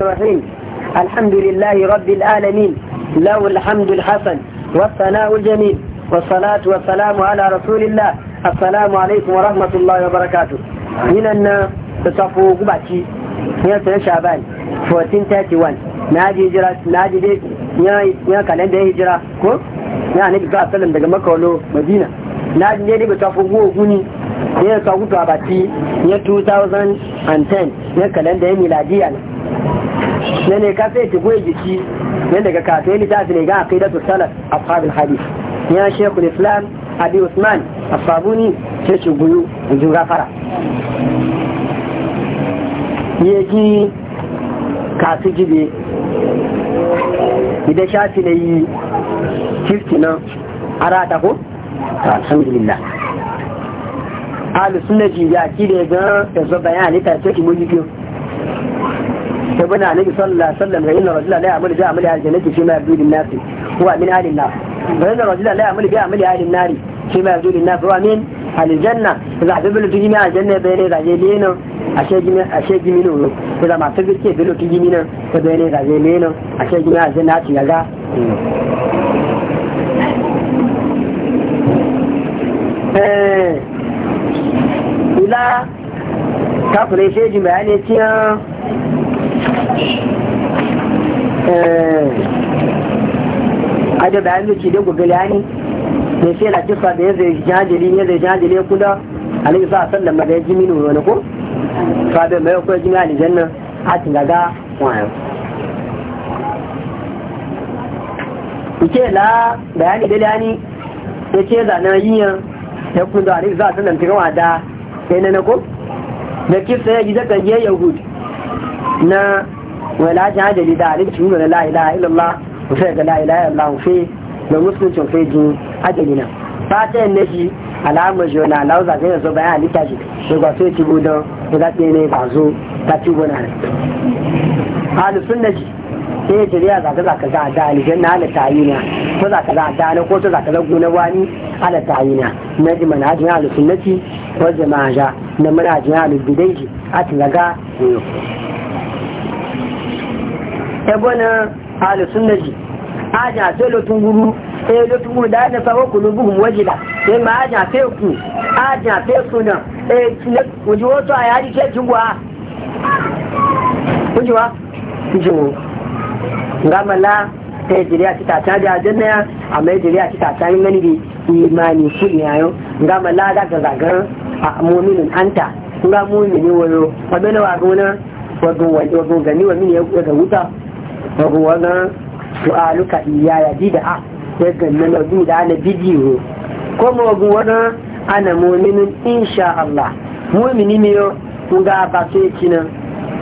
الرحيم الحمد لله رب العالمين له الحمد الحسن والثناء الجميل والصلاة والسلام على رسول الله السلام عليكم ورحمة الله وبركاته من أن تتقو قبعتي من سنة شعبان 1431 na haji hijira na haji dai ya kalenda ya hijira ko ya daga makawalo madina na haji ne ba ta fugu oguni ya sa gutu ya 2010 ya kalenda shi ne ka sai ki goye jiki ne daga kafin littafi ne ga aqidatu salaf ashabul hadith ya shekul islam abi usman asabuni ce ki goyo in gafara ya ki kasu gibe idan shafi na yi 50 nan arata ko alhamdulillah ahlus sunna ji ya ki da ga yanzu bayani ta ce ki mu biyu sai bana ne sallallahu sallam ga inna rajula la ya'malu bi amali al-jannati fi ma yudu an-nasi huwa min ahli an-nar wa inna rajula la ya'malu bi amali ahli an-nari fi ma yudu an-nasi huwa min ahli al-janna idha habibul tijmi al-janna bayna rajulin ashe jimi ashe jimi no kula ma tabir ke bilu tijmi no ta bayna rajulin ashe jimi al-janna ti yaga ila kafin shi jimi ne Eh, a da bayan da ci da ya ne da shi yana kisa da ya zai jajiri ya zai jajiri ya kuda alaihi sa sallan ma da ya ji minu wani ko fa da mai ko jimi aljanna a tingaga wayo ike la bayani da yani ya ce zanen yiyan ya kuda alaihi sa sallan tingawa da sai na na ko da kisa ya gida kan yahud na wai lajin hajjali da halittu nuna la ilaha illallah ku sai ga la ilaha illallah fi da musulunci fe jin hajjali nan fatan na shi alamar jona lauza ga yanzu bayan halitta shi sai ga sai ci gudan da za ta ne ba zo ta ci gona ne halin sunna ji sai ya jiriya za ka za ka za a da alijan na halitta yi na ko za ka za a da na ko ta za ka zagu na wani halitta yi na na ji mana hajjin halin sunna ci jama'a ma'aja na mana hajjin halin bidaiji a tilaga ebona ahlu sunnaji aja sai lotun guru sai e lotun guru da na sawo kulubuhum wajila sai ma aja sai ku aja sai suna eh ne kuji wato a yari ke jingwa kuji ta da janna amma jiriya kita ta yin gani bi imani shi ne ayo ngamala da ga zagan mu'minun anta nga wannan su'aluka iya ya di da a daga nuna bi da ana bidiyo ko ma wagu ana muminin insha Allah muminin yau kun ga ba su yi kinan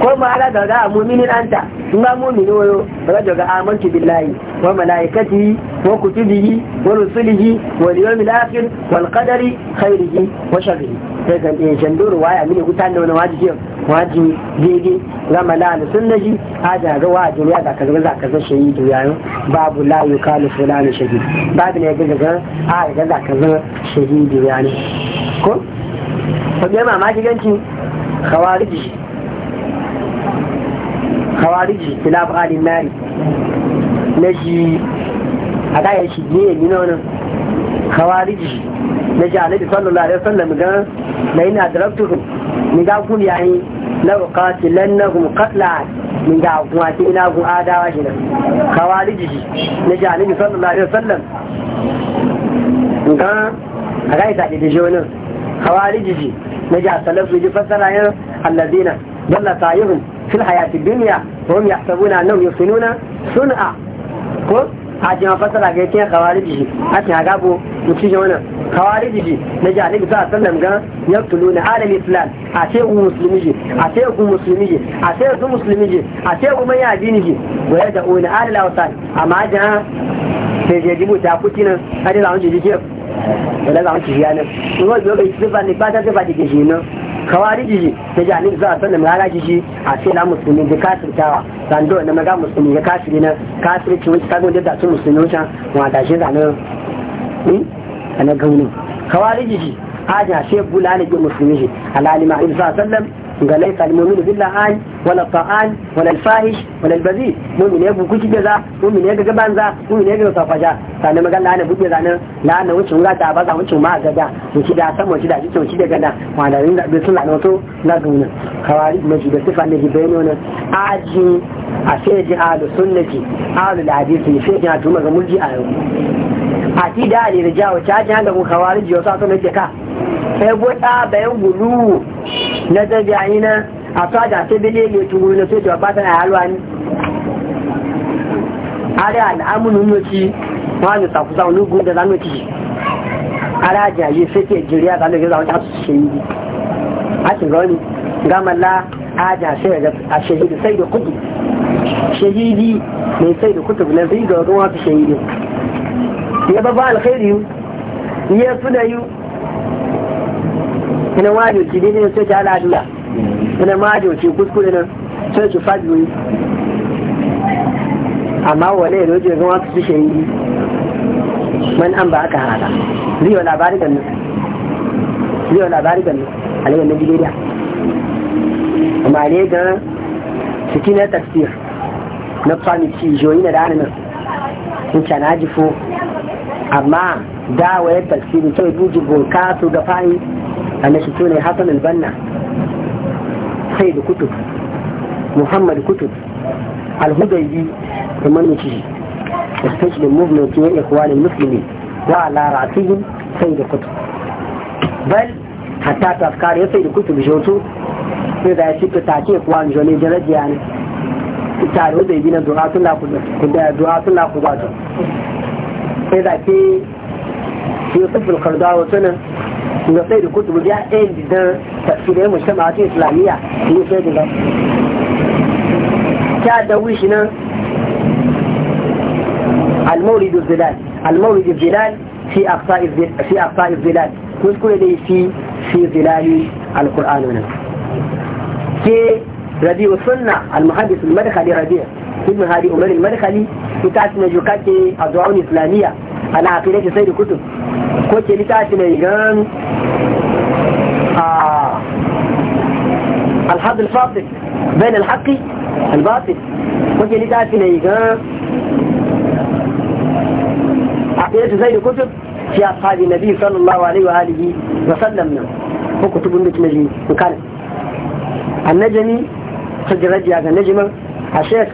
ko ma ala daga ga mu'minin anta in ga mu'mini wayo ga ga amantu billahi wa malaikatihi wa kutubihi wa rusulihi wa yawmil akhir wal qadari khairihi wa sharrihi sai kan in eh, shanduru waya mini hutan da wani wajibi waji gege ga malal sunnaji haja ga waji ya da kaza za kaza shahidu yayin babu la yukalu fulani shahid babu ne ga ga a ga za kaza shahidu yayin ko ko ma ma ganci khawariji kawariji kilab alin nari na shi a kayan shi ne yi nonin kawariji na shi alaihi sallallahu alaihi wasallam ga na yana daraktuhu ni ga kun yayi na ukati lannahum qatla ni ga kun ake ina kun adawa shi na kawariji na shi alaihi sallallahu alaihi wasallam ga a kayan sa da shi wani kawariji na shi a salafu ji fassara yin allazina ضل سعيهم في الحياة الدنيا وهم يحسبون أنهم يحسنون صنعا ko a jima fasara ga yake khawariji shi a cikin agabo mutu shi wannan khawariji shi na ji alaihi sallallahu alaihi ga ya tulu na alal islam a ce ku musulmi a ce ku musulmi shi a ce ku musulmi shi a ce ku mai addini shi wa ya da'u na alal awsan amma ja ke je dibu ta kuti nan hadi lawan ji ji ke da lawan ji ya nan ko zo ga sifa ne ba ta sifa nan kawariji Jiji, ta ji za a sanar mai ji a sai na musulmi da kyawa zando na maga musulmi ga kafiri na kafirci wacce kagon da su musulmi wucin wata shi zane a hmm? na gauni kawariji ji a jashe a sai bula ne ke musulmi ji alalima in za a sallam ga laisa almu'minu bil lahan wala ta'an wala alfahish wala albazi mu'min ya buku kike za mu'min ya ga banza mu'min ya ga safaja sanan magan lana buke zanan lana wuce ga ta ba za wuce ma ga da wuce da san wuce da ji wuce da gada da rin da bi sun lana to na ga wannan kawari ji da sifa ne ji bayani wannan aji a sai ji ahlu sunnati ahlu hadisi sai ji tuma ga mulji a yau a ti da ne da jawo ta ji hanga ko kawari ji wasu a sunan ka sai gota bayan gulu na gaji a yi na a fada ta bile mai tuguru na soja ba ta na halwa ne ada al'amunin noci wani tsakusa wani gun da zanen ciki ara jaye fake jiriya zanen gaza wata su shi yi a shironi gamala aja a shahidi sai da kudu shahidi mai sai da kudu na zai ga ruwa su shahidi ya babba alkhairi ya fi da yi kina wajo ci dai ne sai ta ala kina ina majo ci kuskure nan sai ki fadu amma wale da wajen zama su shi yi man an ba aka hada zai labari da nufi zai labari da nufi alayyar na jigiriya amma ne ga ciki na tafsir na kwamiti joyi na dana nan in cana jifo amma da waye tafsirin sai buji gonka su ga fahimta أنا شتوني حسن البنا سيد كتب محمد كتب الهديبي ومن يتجي استشهد الموفمنت والإخوان المسلمين وعلى رأسهم سيد كتب بل حتى تذكار سيد كتب جوتو إذا يشك تاكي إخوان جوني جلد يعني tare da yi na duhatun lakubatu sai da ke yusuf al-kardawa tunan من سيد كتب الجاء الإسلامية في سيد الله كاد ويشنا المولد الظلال المولد الظلال في أقصاء في أقصاء الظلال نذكر لي في في ظلال القرآن هنا كي ربيع السنة المحدث المدخلي ربيع ابن هادي أمير المدخلي بتاعت نجوكاتي الدعوة اسلاميه ala akidai ta sai da kutub ko ke littafi mai gan الحد الفاصل بين الحق الباطل وجه لدعة نيجان عقيدة زي الكتب في أصحاب النبي صلى الله عليه وآله وسلم وكتب النجمي وكان النجمي سجل رجع النجمة الشيخ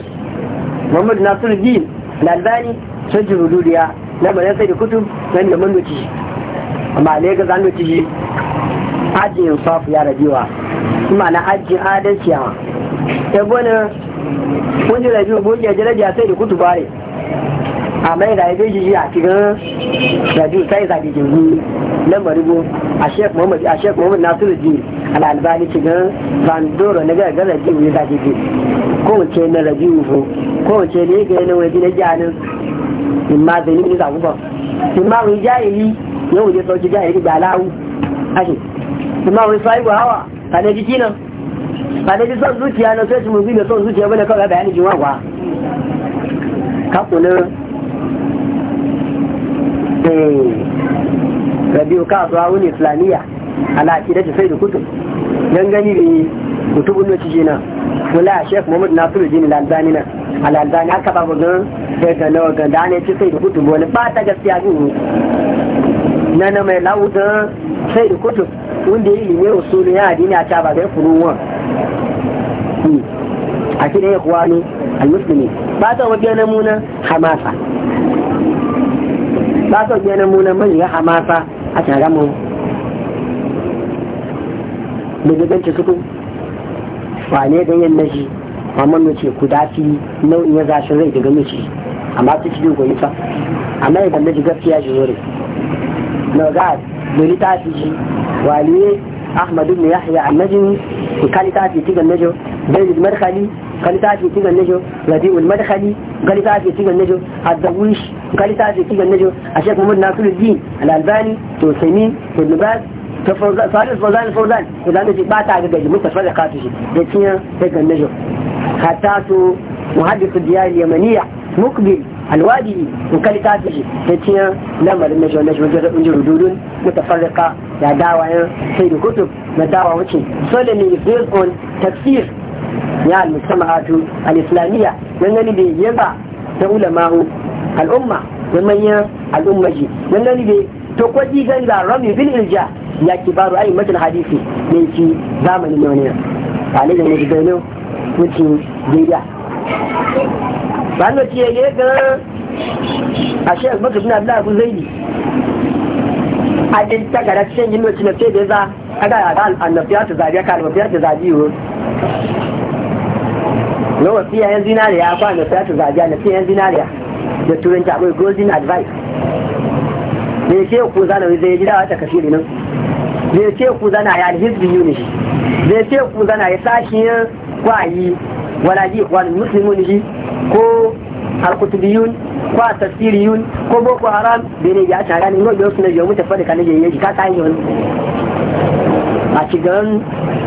محمد ناصر الدين الألباني سجل ولوليا na ba sai da kutum nan da mando amma ne ga zanu ci aji safu ya rabiwa kuma na aji adalci ciyawa. ya gona wani rabiwa jira jiraja sai da kutu bare amma yana yi beji a cikin rabiwa sai zaɓi nan lamarin go a shek muhammad a shekh muhammad nasiru jini al'albani cikin bandoro na gargar rabiwa ya zaɓi ko wace na rabiwa ko wace ne ga yana wajen janin ìmá bẹ níbi nígbà púpọ̀ ìmá òun já èyí yóò jẹ́ sọ́jú já èyí gbà láwù ìmá òun sọ ìwà àwà tàbí kí náà tàbí sọ́n zúti àná tó ti mú bí lọ sọ́n zúti ọgbẹ́lẹ̀ kọ́ bàbá yẹn jù wà kápò náà rabi ka su hawa ne islamiyya alaƙi da da da da shek muhammadu nasiru jini al'adani aka ba bugun daga nawa ga da ne ci sai da kutu wani ba ta gaskiya ne na na mai lauda sai da kutu wanda ya ilimi usulu ya adini a ta ba bai furuwa hmm. a kidan ya kuwa ne a musulmi ba ta wajen muna hamasa ba ta wajen mai ya hamasa a tare mu da gaganci suku wane ganyen na shi amma mace ku dafi nau'in ya zashin rai daga mace amma su cikin goyi fa amma ya ballaji gaskiya shi zore na ga dori ta fi shi waliye ahmad ibn yahya annajin ku kali ta fi tigan najo bayin markali kali ta fi tigan najo rabi'ul madkhali kali ta fi tigan najo ad-dawish kali ta fi tigan najo a shekh muhammad nasiruddin al-albani to samin ibn baz فارس فوزان فوزان اذا انت باتا قبل متفرق قاتشي بيتيا هيك النجم خاتاته محدث الديار اليمنية مقبل الوادي وكل تاتجي تتيا لما النجم النجم نجم ردود متفرقة يا دعوة سيد الكتب ما دعوة وشي سولني يفيد عن تفسير يا المجتمعات الإسلامية ينني بي يبع تقول ما هو الأمة ومن يا الأمة جي ينني بي to ko digan ga rami bil ilja ya kibaru ai matal hadisi ne ci zamani ne ne ale da ne da ne mutum jiya ba no ci ye ga a shek baka suna abdullahi abu zaidi a din ta gara cikin yin mutum sai da za a ga ga annabiya ta zabiya ka annabiya ta zabiyo na wasiya yan zinariya ko annabiya ta zabiya na yan zinariya da turanci akwai golden advice me ce ku zana zai ji da wata kafiri nan zai ce ku zana ya alhizbi yuni shi zai ce ku zana ya sashi kwayi wala ji wal muslimun shi ko alkutubiyun ko tafsiriyun ko boko haram da ne ya tara ne ngobe su ne yo muta fada kan je yaji ka yi yon a cikin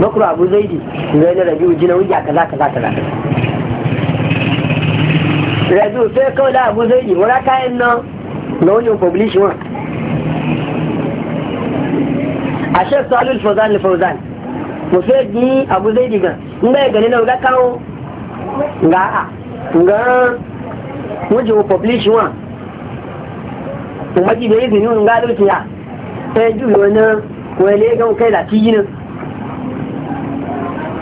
makru abu zaidi ne ne rabiu jina wuya kaza kaza kaza rabiu sai kawai da abu yi wala kayan nan na wani publish wani a shek salul fauzan da fauzan mu sai ji abu zai diga in gani na ga kawo ga a ga wajen mu publish wa kuma ji da izini ga dalci sai ji wani wani ga kai da tijinin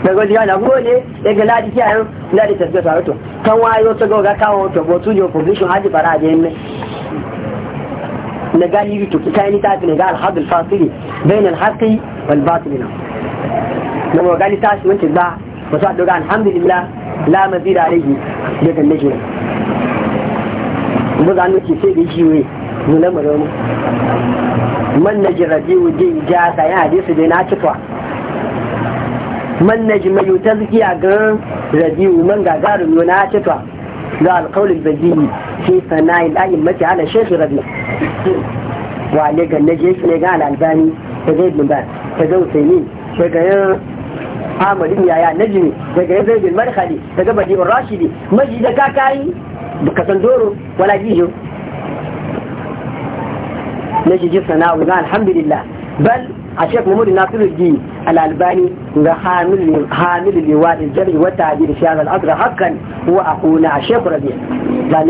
daga jiya da gole ya ga ladi kiyayen ladi tafiya tare to kan wayo ta ga kawo to botu yo position haji fara je ne na gani bitu kita ni ta ne ga alhadul fasili bainal haqqi wal batil na mu gani ta shi wancan ba ba sa doga alhamdulillah la mazira alayhi daga nake mu za mu ce sai da shi we mu lamarin mu man najrabi wajin jasa ya hadisi da na cika man najma yutazkiya ga rabiu man gagarin na cika ga alƙawlin bajini fi sanayi ɗayin mace ala shekhi rabi wa ne ga na je ne ga al'albani ta zai bin ba ta zai usaini ta ga yin amarin yaya najimi ta ga yin zai ta ga bajin rashidi maji da kakayi doro wala gijo na shi ji alhamdulillah bal a shek muhammadu nasiru din al'albani ga hamilu da jari wata shi a al'adura hakan wa a kuna a shek rabi da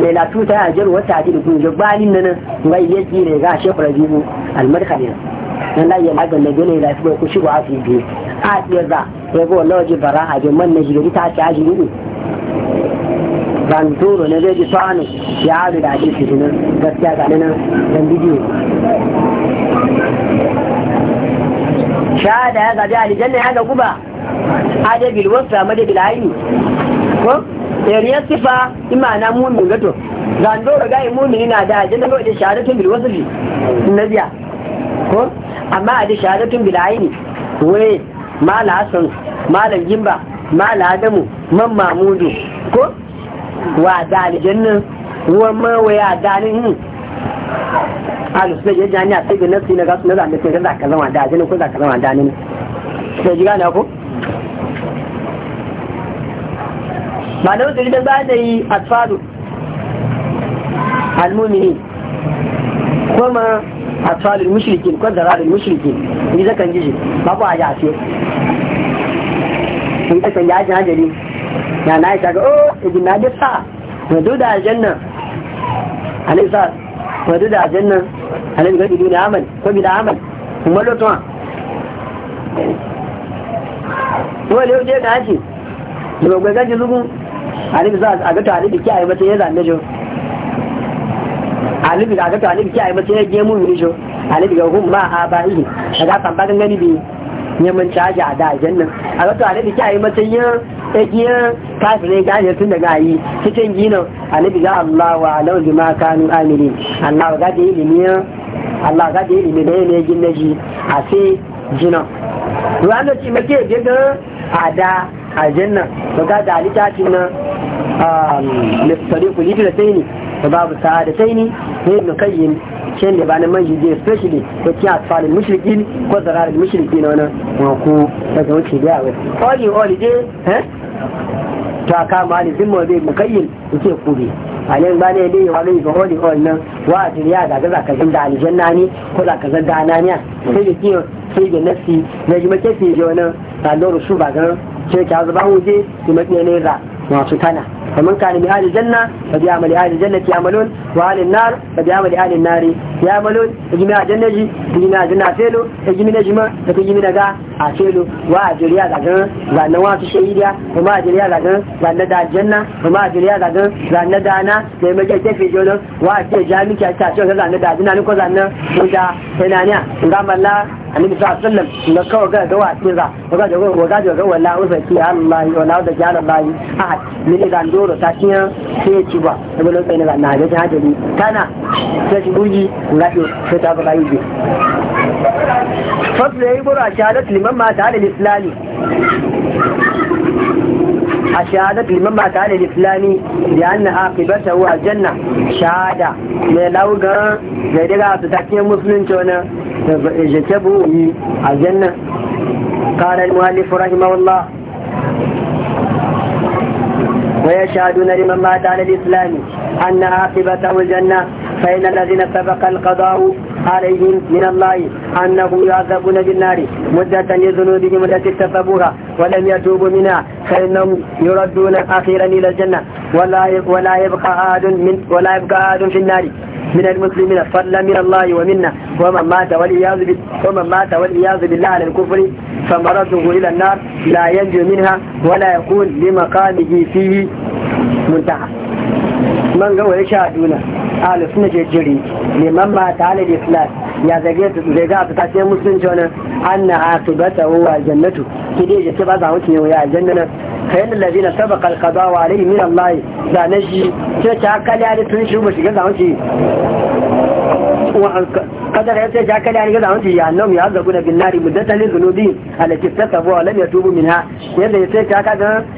ne latu ta yajar wata abin kun jabani nan ga iya ne ga shek rabi mu almarkali na layi lagar da gane lafi bai kushi ba a biyu a tsaye za ya ga wani waje bara a bin man na ta ce aji hudu ban na zai ji tsanu ya haɗu da ake fitinan gaskiya ga nan dan bidiyo shahada ya zaɓi alijanna ya ga guba adabil wasa madabil aini ko yariyar eh, sifa imana mumin gato zando da gayi mumini na da ajiyar da da shahadatun bil wasu bi na biya ko amma a da shahadatun bil aini wai mala hasan malam gimba mala adamu man mamudu ko wa da alijanna wa ma waya dalin alu sai ya jani a sai na na gasu na zane sai za ka zama da ajinin ko za ka zama da ne sai ji gane ko ba da wata gidan ba da yi asfalu almumini kuma asfalu mushrikin ko zara da mushrikin ni zakan ji ba ba ya ce in ka kan ya ji hajari na na ya ga oh ibn nadi sa da da aljanna alisa wadda da jannan halin ga ido na amal ko bi da amal kuma malotuwa lotuma da yau je ka ce da bagwai gaji zugun alibi za a gata alibi kiyaye mace ya zanne jo alibi a gata alibi kiyaye mace ya gemu ne jo alibi ga hukun ba a ba ihe a ga kan bagan gani bi neman caji a da jannan a gata alibi kiyaye mace ya giyan kafirai ga gane tun daga yi cikin a annabi ga Allah wa alau bima kanu amiri Allah ga da limiyan Allah ga da ilimi da gina ji a sai jinan ruwan da ci ke gaga a da aljanna to ga da litafi um, na mistariku da sai ne da babu sa'a da sai ne ne ibn kayyim shan da bayan man jije especially ko kiya atfalin mushrikin ko zararin mushrikin wannan ko daga wuce da yawa all in all dai eh? ta kama ne bin mawabe mukayyin suke kube a nan ba ne dai wa ga holy hall nan wa a duniya da ga ka zan da aljanna ne ko ka zan da ananiya sai da kiyo sai da nasi na yi mace fi je wani sandoro shu ba ga ce ta zuba huje ki mace ne za masu tana kamar ahli janna fa bi amali ahli jannati yamalun wa ahli nar fa bi amali ahli yamalun ijmi a jannaji ijmi a felo ijmi na jima da ijmi daga a felo wa ga gan ga ga gan ga na da janna ga gan ga na da na da fi jolo wa ce ga na da ko ga ko da ga malla annabi sallallahu alaihi wasallam na kawo ga gawa cikin za ga ga ga ga wa wala usa ki Allah wa la da jana Allah ahad min da ndoro ta kiyan sai ci ba da balo sai na na ga ta hajji kana sai ci burji ngado sai ta ba yi fadla yi bura shahadat liman ma ta da islami الشهادة لمن مات على الإسلام لأن عاقبته هو الجنة شهادة لو للوغا زيدغا تتكي مسلم جونا يجتبه الجنة قال المؤلف رحمه الله ويشهدون لمن مات على الإسلام أن عاقبته الجنة فإن الذين سبق القضاء عليهم من الله أنه يعذبون بالنار مدة لذنوبهم التي ارتكبوها ولم يتوبوا منها فإنهم يردون أخيرا إلى الجنة ولا ولا يبقى أحد من ولا يبقى أحد في النار من المسلمين فضلا من الله ومنا ومن مات والعياذ بالله ومن مات والعياذ بالله على الكفر فمرته إلى النار لا ينجو منها ولا يكون لمقامه فيه منتهى من قوي شاهدونا ahli suna je jiri liman ma ta islam ya zage zai ga fita sai musulunci wani an na akibata wa jannatu kide je ce ba za mu wuya a jannatu فإن الذين سبق القضاء عليه من الله لا نجي تشاكا لأني يعني تنشي ومشي قد عنشي قدر يتشاكا لأني يعني قد عنشي يعني أنهم يعذبون بالنار مدة للذنوبين التي اكتسبوا ولم يتوبوا منها يبدأ يتشاكا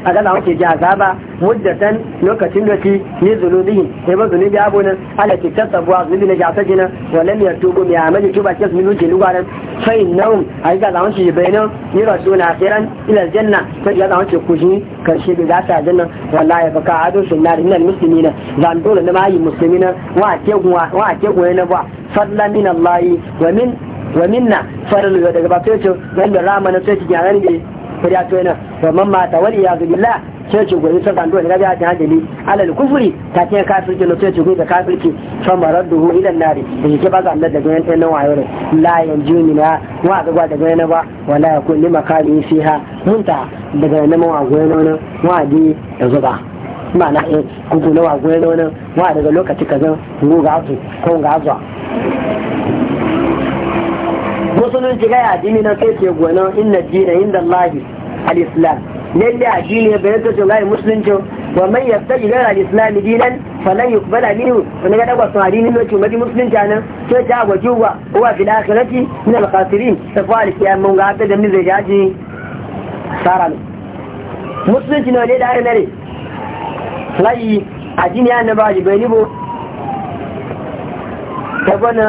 قد عنشي جعذابا مدة لوكتين التي للذنوبهم يبقى ذنوب أبونا التي اكتسبوا ذنوبنا جعتجنا ولم يتوبوا من عمل توبة من وجه لغارا فإنهم أيضا عنشي بينهم يرسون أخيرا إلى الجنة فإذا عنشي كوشين karshe da za ta nan wallahi fa ka ado shi na musulmi na zan dole na mayi na wa ke guwa wa ke guwa na ba fadlan min wa min wa minna faral daga ba sai ce wanda ramana sai ki gyaran da fariya to yana faman mata wal iyazu billah sai ce goyi sai zando daga biya hankali alal kufri ta ce kafirci no sai ce goyi da kafirci fa maradduhu ila nari da ke ba ga Allah daga yan tsayin wayo ne la yanjuni na wa ga gwa daga yana ba wala yakun lima kali fiha munta daga yana ma wa goyi nan wa di da zuba ma'ana eh gugu na wa goyi wani wa daga lokaci kazan go ga su ko ga zuwa musulunci ga ya dini na sai ce gwanon inna dina inda Allah al-islam lalle a dini bai ta ce lai musulunci wa man yastaji ga al-islam dinan falan yuqbala minhu wani ga dagwa sun adini ne ce mai musulunci nan ce ta gwaji wa wa fil akhirati min al-khasirin ta fa al-qiyam mun ga ta da min zai jaji sara musulunci ne da ai nare lai a dini bai ni bo ta gwana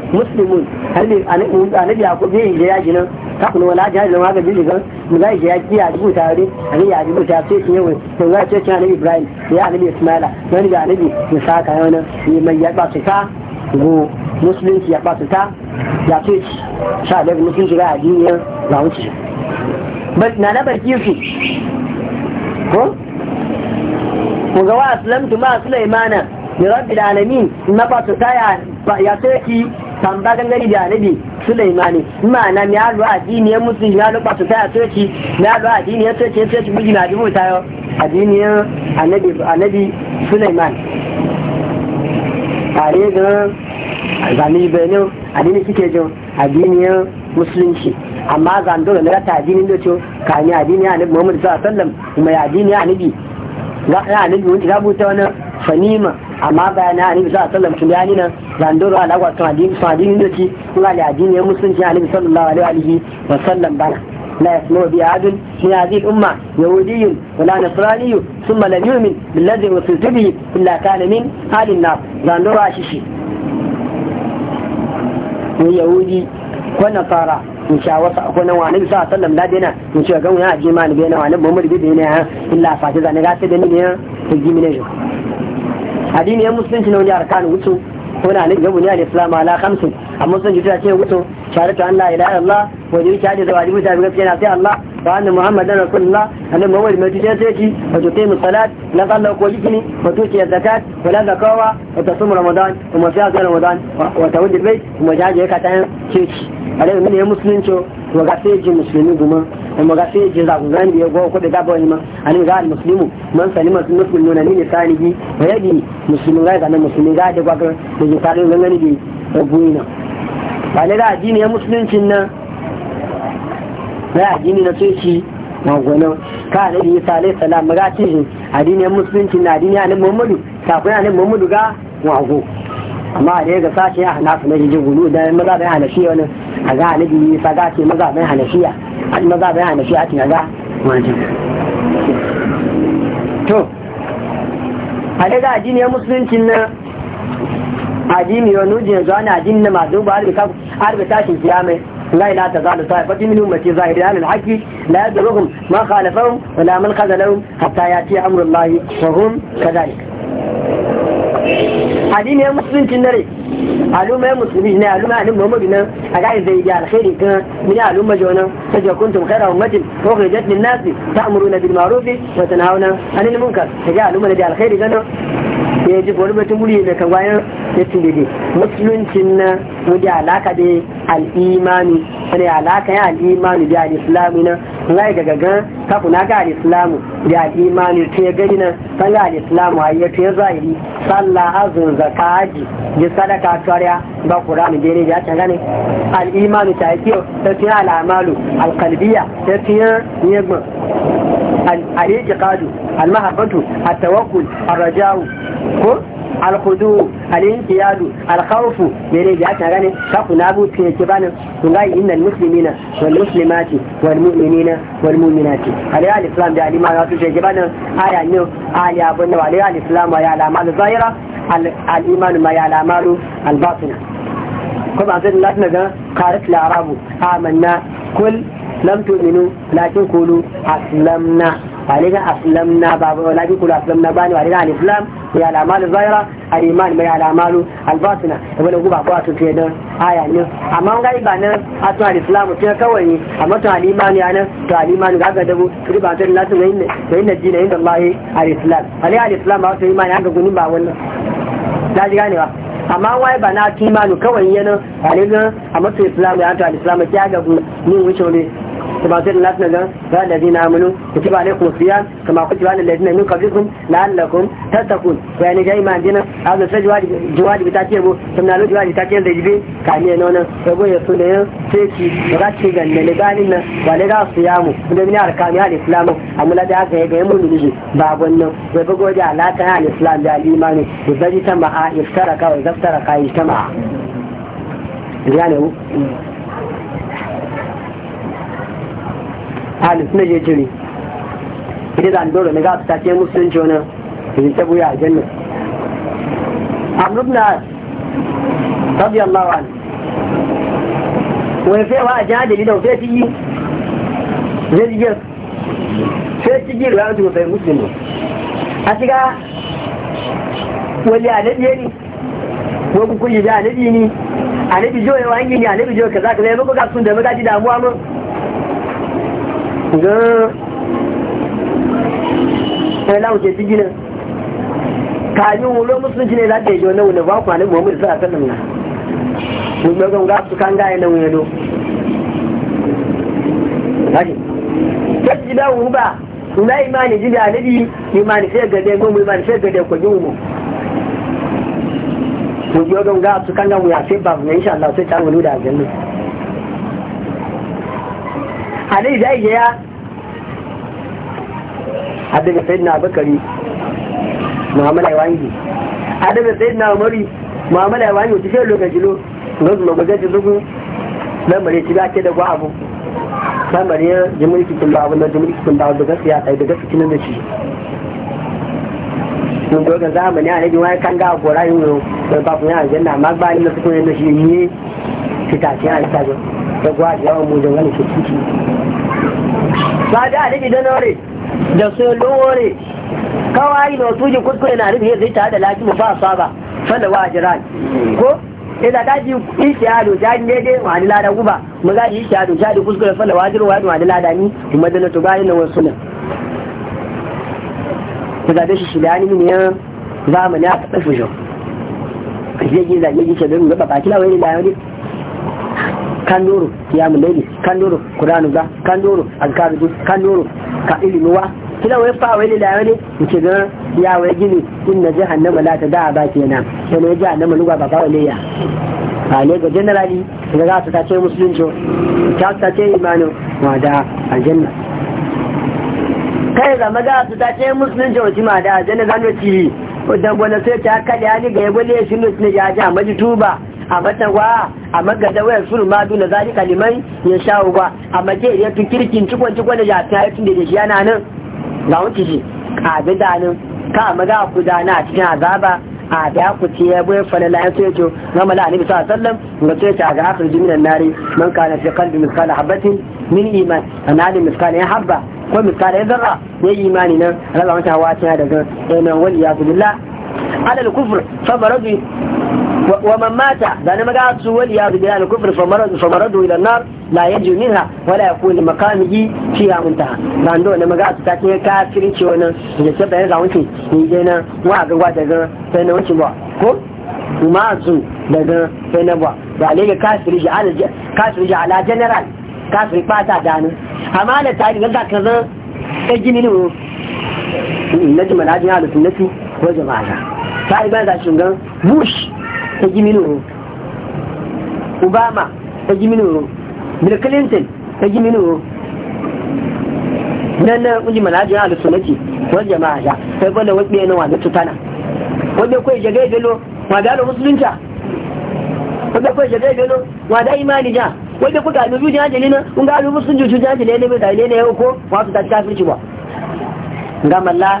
muslimun har ne annabi ya kuma yaji nan jinan kuma wala jihar da maka bi shigan mu za jaya ya dubu tare a ya dubu ta ce shi yawon to za ce cin annabi ibrahim ya annabi ismaila wani ga annabi musa ka yana ne mai ya ba su ta go musulunci ya ba su ta ya ce sha da musulunci ga ya ba wuce na na barki su ko ko ga wa aslamtu ma sulaimana bi rabbil alamin na ba su ta ya ya ce ki tamba gari da annabi sulaimani ma'ana mi halu addini ya musu mi halu ba ta soci mi halu addini ya soci ya soci bugi na dubu yo addini ya anabi anabi sulaiman tare da zani bene addini kike jo addini ya musulunci amma zando da na ta addini da to ka ni addini ya annabi muhammad sallallahu alaihi wasallam kuma ya addini ya annabi ga annabi wanda ya buta wani fanima amma bayanan annabi sallallahu alaihi wasallam tunani nan zandoro alagwa tun addini tun addini da ci kuma da addini ya musulunci annabi sallallahu alaihi wasallam bana لا يسمع بأحد من هذه الأمة يهودي ولا نصراني ثم لم يؤمن بالذي وصلت به إلا كان من أهل النار زاندورا عشيشي ويهودي ونصارى in sha wasu akwai nan wani bisa sallam da dena in ce gan wani ajiye ma ni bai na wani bamar bai bai ne ha illa fa ta zane ga sai da ni ne ta gimi ne shi addini ya musulunci na wani arkanu wuto ko na alin gabu ne a islam ala khamsin amma sun ji ta ce wutu shahadatu an la ilaha illallah wa yushhadu da wajibu ta bi gaskiya na sai Allah فأن محمد رسول الله أنا موالي ما تجي تجاتيكي وتقيم الصلاة لا قال لك وليكني وتؤتي الزكاة ولا زكاة وتصوم رمضان وما فيها غير رمضان وتود البيت وما جاء جاء كتان تيكي عليه من هي مسلم شو جي مسلمين بما وغفيجي زغزان بيه وقوة قد قابوا إما أنا قال مسلم من سلم المسلمون من لسانه ويجي مسلم غير أنا مسلم غير وقوة لجي قالوا لنا نجي أبوينا قال لا دين يا مسلمين na addini na soci na gwanon ka annabi sa alaihi salam ga ci addinin musulunci na addini annabi muhammadu kafin annabi mamadu ga wago amma da ga sashen a nasu na jijin gudu da maza bai hana shi wani a ga annabi sa ga ce maza bai hana shi a maza bai hana shi a cikin ga wajen to a daga addinin musulunci na addini wani zuwa na addini na masu ba har bai tashin kiyamai لا لا تزال طائفة من أمتي ظاهرين على الحق لا يدرهم ما خالفهم ولا من خذلهم حتى يأتي أمر الله وهم كذلك هذه هي مسلمين كنري علوم ما مسلمين علوم أهل محمد بنا أجعل زيدي على خير كان من علوم مجونا فجاء كنتم خير أمة وخرجت من الناس تأمرون بالمعروف وتنهون عن المنكر فجاء علوم الذي على خير كان يجب علوم تمولي لك وعين ya tilide musuluncin na wajen alaka da al'imani wani alaka ya al'imani da al'islamu na zai ga gagan kafu na ga al'islamu da al'imani ta ya gani na san ga al'islamu a yi ta ya zahiri sallah azun zaka haji da sadaka tsariya ba kuranu da ne ya ta gani al'imani ta yi ta fiye al'amalu alkalbiya ta fiye yegba al'iƙiƙadu kadu mahabbatu a tawakul a rajawu ko alhudu alinkiyadu alkhawfu mere da ta gane kafu na bu ke ke bana kun ga innal muslimina wal muslimati wal mu'minina wal mu'minati alayhi al-islam da alima ya su ke bana aya ne aya abun da alayhi al-islam ya alamal zahira al-iman ma ya alama al-batina ko ba zai lafiya ga qarat al-arabu amanna kul lam tu'minu lakin qulu aslamna wani ga aslamna ba wala bi kula aslamna ba ne wani ga al-islam ya al-amalu zahira al-iman mai al-amalu al-batina da wani guba ko atu fiye don aya ne amma ga ba nan atu al-islam tun kawai ne amma tun al-iman ya nan tun al-iman ga ga dabu kuri ba ta lati ga inna ga inna dina inda Allah al-islam ali al-islam ba to imani haka gunin ba wannan da ji ganewa amma wai ba na kimanu kawai yana alilin a masu islam ya ta al-islam ya ga ni wuce ne تباطل الناس نجا فالذين آمنوا كتب عليكم الصيام كما كتب على الذين من قبلكم لعلكم تتقون يعني جاي ما عندنا هذا سجل جواد جواد بتاتير بو سمنالو جواد بتاتير دجبي كاني نونا فبو يسونه سيكي راتي غن لغالنا ولغا صيام من من اركان الاسلام اما لا ده ga ga mun diji babun nan sai bugo da alaka al islam da al imani da zaji ta ma'a iftara kawai ahli suna je jiri ita da doro na gasu take musulunci wani da ta buya a jannan amru ibn as radiyallahu anhu wa a da sai fi zai je sai ci gir ya mutu bai a shiga wani anabi ne ko kun yi da anabi ne anabi jo ya wani anabi jo kaza kaza ya muku ga sun da magaji damuwa mun ga sai lawo ke ci ginin kayi wulo musulunci ne za yi wani wani ba muhammadu sa a sanin na musulun gonga su kan gaya na wani do kashi kyan ji dawo ba suna imani imani sai gomu imani sai kwa su kan gaya wuya sai ba mu insha Allah sai ta wani da aljanna ne da ya adabi sai na bakari muhammad aiwangi adabi sai na umari muhammad aiwangi wuce shi lokaci lo ga zuwa ga gaji zugu lamari ci da ke da gwa abu lamari ya ji mulki kun babu na ji mulki kun babu da gaskiya sai da gaskiya da shi mun ga zamani a nake wani kan ga gora yin yau da ba ku yana janna amma ba ni na fito ne da shi ne fitaci a ita da gwa ya mu da wani shi sada a nufi don nore da su lore kawai na wasu jin kuskure na nufi zai tare da lafi mu ba sa ba fanda wa jira ko ina daji ishi yado jani daidai dai wani lada guba mu gaji ishi yado jani kuskure fanda wa jira wani lada ni kuma da to tubayin na wasu nan ku zaɓe shi shida ni ne zamani aka ɗafi shi zai yi zage gishe don gaba ba kila wani da yawon kandoro kiyamu laili kandoro kuranu ga kandoro azkaru kandoro ka ilimi wa kila wai fa wai da wani muke ga ya wai gini inna jahannama la ta da ba kenan sai ne jahannama lugwa ba ba ya a ne ga generally ga za su ce musulunci ta ce imanin wa da aljanna kai zama za su ta ce musulunci wacce ma da aljanna zanoci wadda sai ta kada ya ni ga yabo ne shi musulunci ya ji a maji tuba a matawa a magada wayar sulu ma duna zari kalimai ya shawo ba a ya tun kirkin cikon cikon da jafi ya tun da ya shi yana nan ga wuce shi a bi danin nan ka maga ku da na a cikin azaba a da ku ce ya bai fara la yato yato na mala annabi sallallahu sallam ga ce ta ga akhir jiminan nari man kana fi qalbi miskala habatin min iman ana da miskala ya habba ko miskala ya zarra ya imani nan Allah mata wata daga yana eh, wani ya billah alal kufr fa maradu ومن مات دعني مقا سوال يا بجلال الكفر فمرض فمرضه الى النار لا يجو منها ولا يكون مكانه فيها منتهى لاندو أنا مقا تاكي كافر شي يجب يتبع يزعون شيء يجينا وعقا وعقا فإنه وشي بوا كو وما أزو لدى فإنه بوا وعليك كافر جعل كافر جعل جنرال كافر فاتا دانا أما أنا تعالي قلتا كذا تجيني نو نجم العجنة على سنتي وجماعه تعالي بنا ذا شنغان بوش taji mini ru obama taji mini ru bill clinton taji mini ru nan na kunji manajin ahlu sunnati wal jama'a ja sai bala wabi yana wa tutana wanda kai jagai belo ma da musulunta wanda kai jagai belo ma imani ja wanda kuka nuju jajili na kun ga alubu sun juju jajili ne bai dalile na yau ko wasu ta kafirci ba ga malla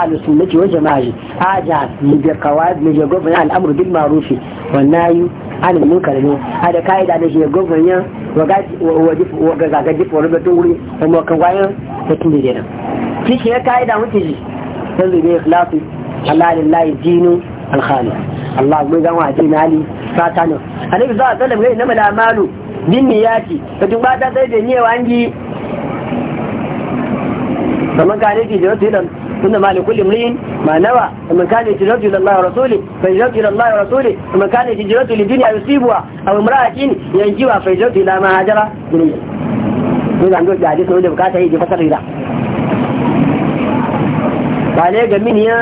ahlus sunnati wal jama'a haja da kawai da ya al'amur bil marufi wannan yi an mun karbi a da kaida da shi gwamnati waga zagaji forin da turi da makan wayan da tuni da nan shi shi ya kaida muke ji dan zai ne ikhlasi Allah lillahi dinu al Allah mun ga wa dinu ali satanu annabi za a sallama ne mala amalu ya niyati da duk ba ta sai da an wangi kamar ka ne ke da wasu inna ma likulli imrin ma nawa man kana hijratu ila Allah wa rasuli fa hijratu ila Allah wa rasuli wa man kana hijratu li dunya yusibuha aw imra'atin yanjiwa fa hijratu ila ma hajara ilayhi ko da ndoji hadisi wanda bukata yi fasar ila ba ne ga miniya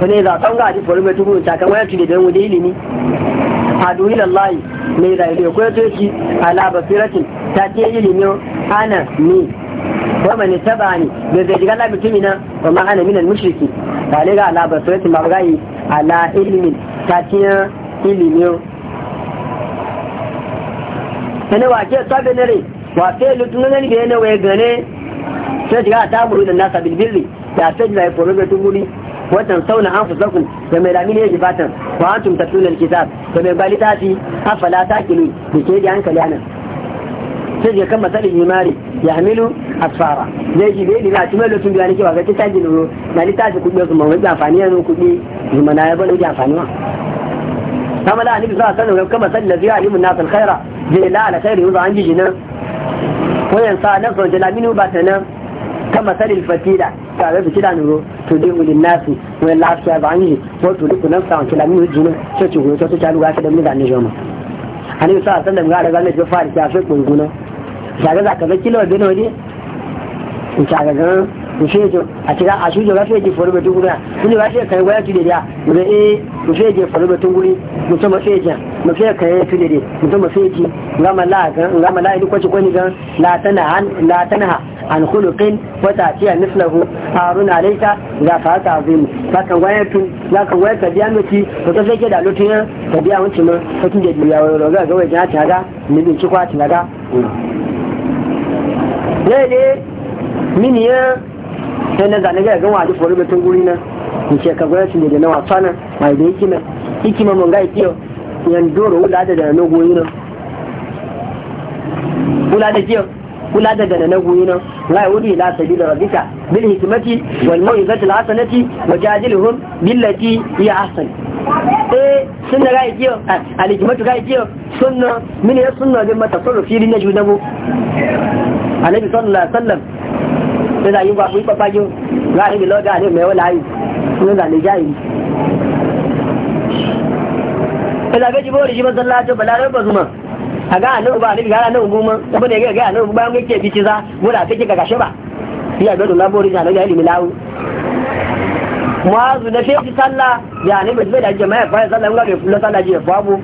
ko ne za tanga hadisi wani mai tubu ta kan wayar tudu da wani ilimi adu ilimin ana ni wa man tabani da zai diga la tumi na wa ma ana minan mushriki ba le ga ala basirati ma ga yi ala ilimin ta tiya ilimi ne wa ke sabe ne wa ke lutun ne ne wa ya gane sai diga ta muru da nasa bilbili. da sai da foro ga tunguri watan sauna an fusakun da mai lamini ya jibatan wa antum tatluna alkitab da mai balita fi afala takilu da ke da hankali anan sai ya kan masalin limari ya hamilu asfara zai ji bai dina cikin lokacin biya nake ba ga ta ji nuro na ni tashi kuɗi su mamaye da amfani yanzu kuɗi zumana ya bani da amfani ma kama da annabi sallallahu alaihi wasallam kama sallallahu alaihi alimun nas alkhaira zai la ala khairi yuzu an ji jinan wayan sa nan so jalaminu ba ta nan kama salil fatila ka ga fitila nuro to dai ulil nasi wayan la afiya ba an ji ko to duk nan sa jalaminu jinan sai ci goyo sai ta luga shi da mu da annabi jama'a annabi sallallahu alaihi wasallam ga da ga ne fa fari ta sai kunguna shaga za ka zaki lawa bene in shaga gan in a kira a shujo ba feje batun guri in ba kai waya eh, batun guri mutum kai mutum kwani gan an an ga ka kan waya tun za kan waya ka biya miki ko ta ke da ka biya wuce ma ka biya wa ga ga wajen ta ga ni bin ci ga lele miniya sai na zane ga ganwa duk wani mutum guri na in ce ka gwamnatin da na wasa nan mai da hikima hikima mun ga ikiyo yan doro wula da da na goyi nan wula da kiyo kula daga na nagoyi nan la yudi la sabila rabbika bil hikmati wal mawizati al hasanati wajadilhum billati hiya ahsan eh sunna ga yiyo al hikmatu ga yiyo sunna min ya sunna bin matasarrufi din na junabu alayhi sallallahu alaihi wasallam sai da yuba ku yo ga ni bi ga ni me wala yi sun da ni jayi ila ga jibori jiban sallato ba zuma a ga annabi ba annabi ga annabi goma abin ne ya ga annabi bayan yake bici za gura take ga gashi ba bori lawo da sallah ya ne bai da jama'a sallah sallah ji babu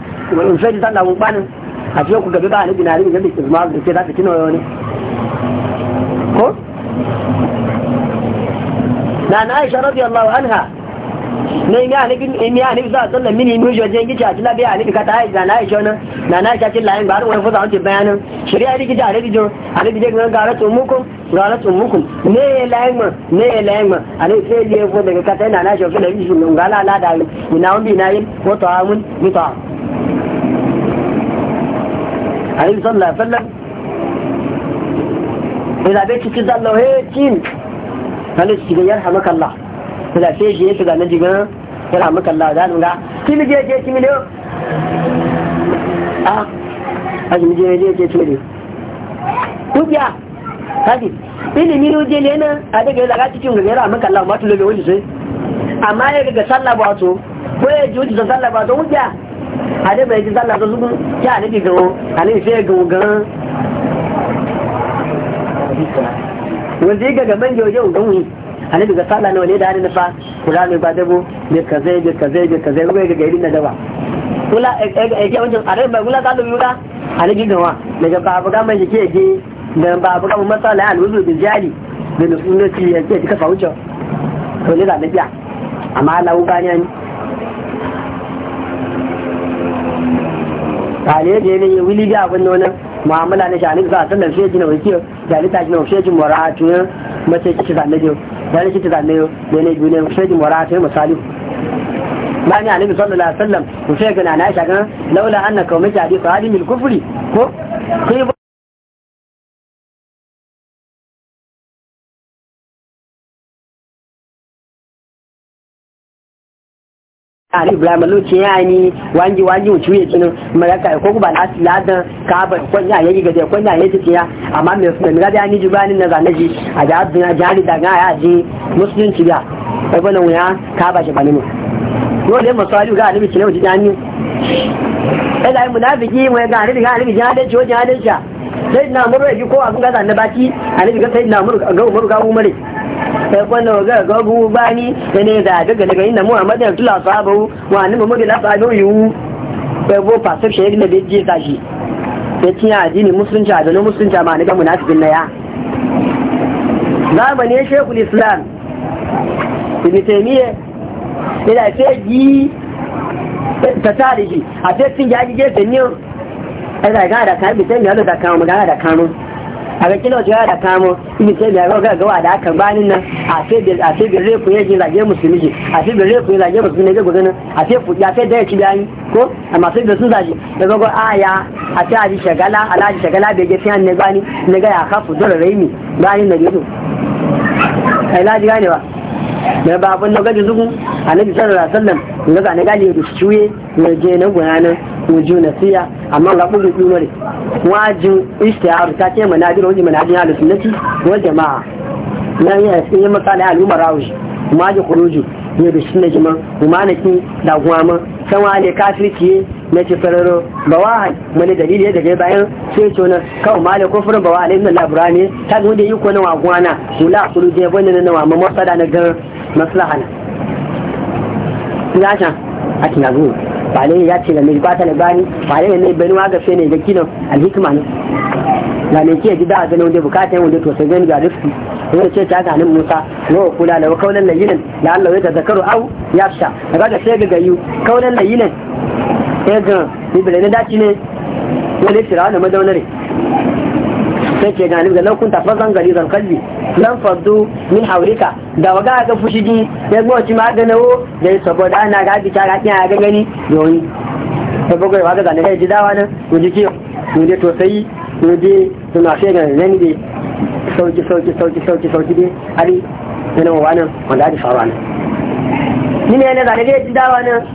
sallah mun a ku gabe ba annabi na ne da bici da ke da kino na Aisha radiyallahu anha na yi ya nufin emi eh, ya nufin zuwa tsallan mini mu jojen gica ci labi ya nufin kata haiti na aisha nan na na aisha cin layin bari wani fusa wanke bayanin shirya ya gica a nufin jo a nufin jirgin gara tsumukun gara tsumukun ne ya layin ma ne ya layin ma a nufin sai liye ko daga kata yana na aisha fi lafi shi nun gala ala da yi ina wani bi na yi ko ta mun, bi ta a nufin sallah sallan ila bai cikin zallo he cin a nufin shiga yarhamakallah da sai je ta na jigin yana muka Allah da nuna mi je ki mi ne a ah, azumi mi je je kimi ne kubiya hadi ilimi mi ruje ne nan a daga yana cikin gaba yana muka Allah ma tulo da wani sai amma ya ga sallah ba to ko ya ji wuce sallah ba to kubiya a da bai ji sallah ba zugun ya ne ga a ne sai ga gan wanda ya ga gaban yau yau gan wani annabi ga sala nawa ne da hannun fa kula ne ba dabo ne ka zai ne ka zai ne ka zai ruwa ga gairin na dawa kula ake wajen a rai kula ka da a annabi gawa daga babu ga mai jike yake da babu ga masala alwuzu bin jali da nusunnati yake kika kafa wuce to ne da lafiya amma ala ne da ne wili da abin mu'amala na shani za a sanar shi jina wakiyo da lita jina shi jin a ya mace ci zanne yo da ne ci zanne yo da ne duniya shi jin mura'atu misali bani annabi sallallahu alaihi wasallam ku sai gana na aisha ga laula annaka umma jadi fa hadin al kufri ko kai ali ibrahim lokacin ya ni wangi wangi wuci ya kinu maraka ko ba na ladan ka ba ko ya yayi ga da ko ya yayi tiya amma me su da ga ni bani na ji a da abduna jari da ga ya ji musulunci ga ai bana wuya ka ba shi bani ne dole sai ga alibi kilau jani ai dai munafiki mu ga alibi ga alibi jojo jo da sha sai na muru ji ko abun ga zanna baki alibi ga sai na muru ga muru ga umare sai kwallo ga ga gugu bani da ne da ga daga inda muhammadu ya tula sabu wa ni muhammadu la sabu yu sai bo perception ne bai je tashi ya tiya addini musulunci a musulunci ma ni ga munafikin na ya zamani ya shekul islam ibn taymiye ila sai ji ta tarihi a sai sun ya ji ai da ga da kai ya da kan mu ga da a ga kila wajen da kamo ibi sai da ga gawa da aka bani nan a sai da a sai da refu ya lage musulmi ji a sai da refu ya lage musulmi ne ga gudana a sai fu ya sai da ya ci bayan ko amma sai da sun zaji da ga aya a sai a ji shagala ala ji shagala bai ga fiyan ne bani ne ga ya kafu dole raimi bani na gido kai laji gane ba da babun na gaji zugun annabi sallallahu alaihi wasallam ga ne gaji da shuye ne je na gwanan wuju siya amma ga bugu dumare wajin istihar ta ce manajin wajen manajin halin sunnati wa jama'a nan yana ya yin makana al'ummar rawushi kuma ji kuruju ne da shi na jima kuma na ki da guwama san wale kafirci na ci fararo ba wa wani dalili daga bayan sai ce wani kawo male ko furin ba wa alayhi na ta gudu yi ko na wagwana hula kuruju ya bane na nawa mamma sada na gar maslahana. Ina can a kinagu. ba ya ce da mai bata na bani ba ne mai bani wa gafe ne da kinan alhikima ne ga mai kiyar gida a ganin wanda bukata yin wanda to sai gani ga rufi wanda ce ta ganin musa wa kula da kaunan layinan da allah zakaru au ya sha daga ga sai ga gayu kaunan layinan ya ga bibira na daci ne wani ya da madaunar mazaunare sai ke gani da lokun fasan gari zan kalli nan fardu min haurika da waga ga fushigi ya gwa ci maganawo da ya saboda ana ga bi ta ga kin ga gani yoyi ta bugu ya ga zane ji dawa nan ku ji ki ku je to sai ku je suna ga nan ne sauki sauki sauki sauki sauki dai ali ina wa nan wanda ake faruwa nan ni ne ne zane ji dawa nan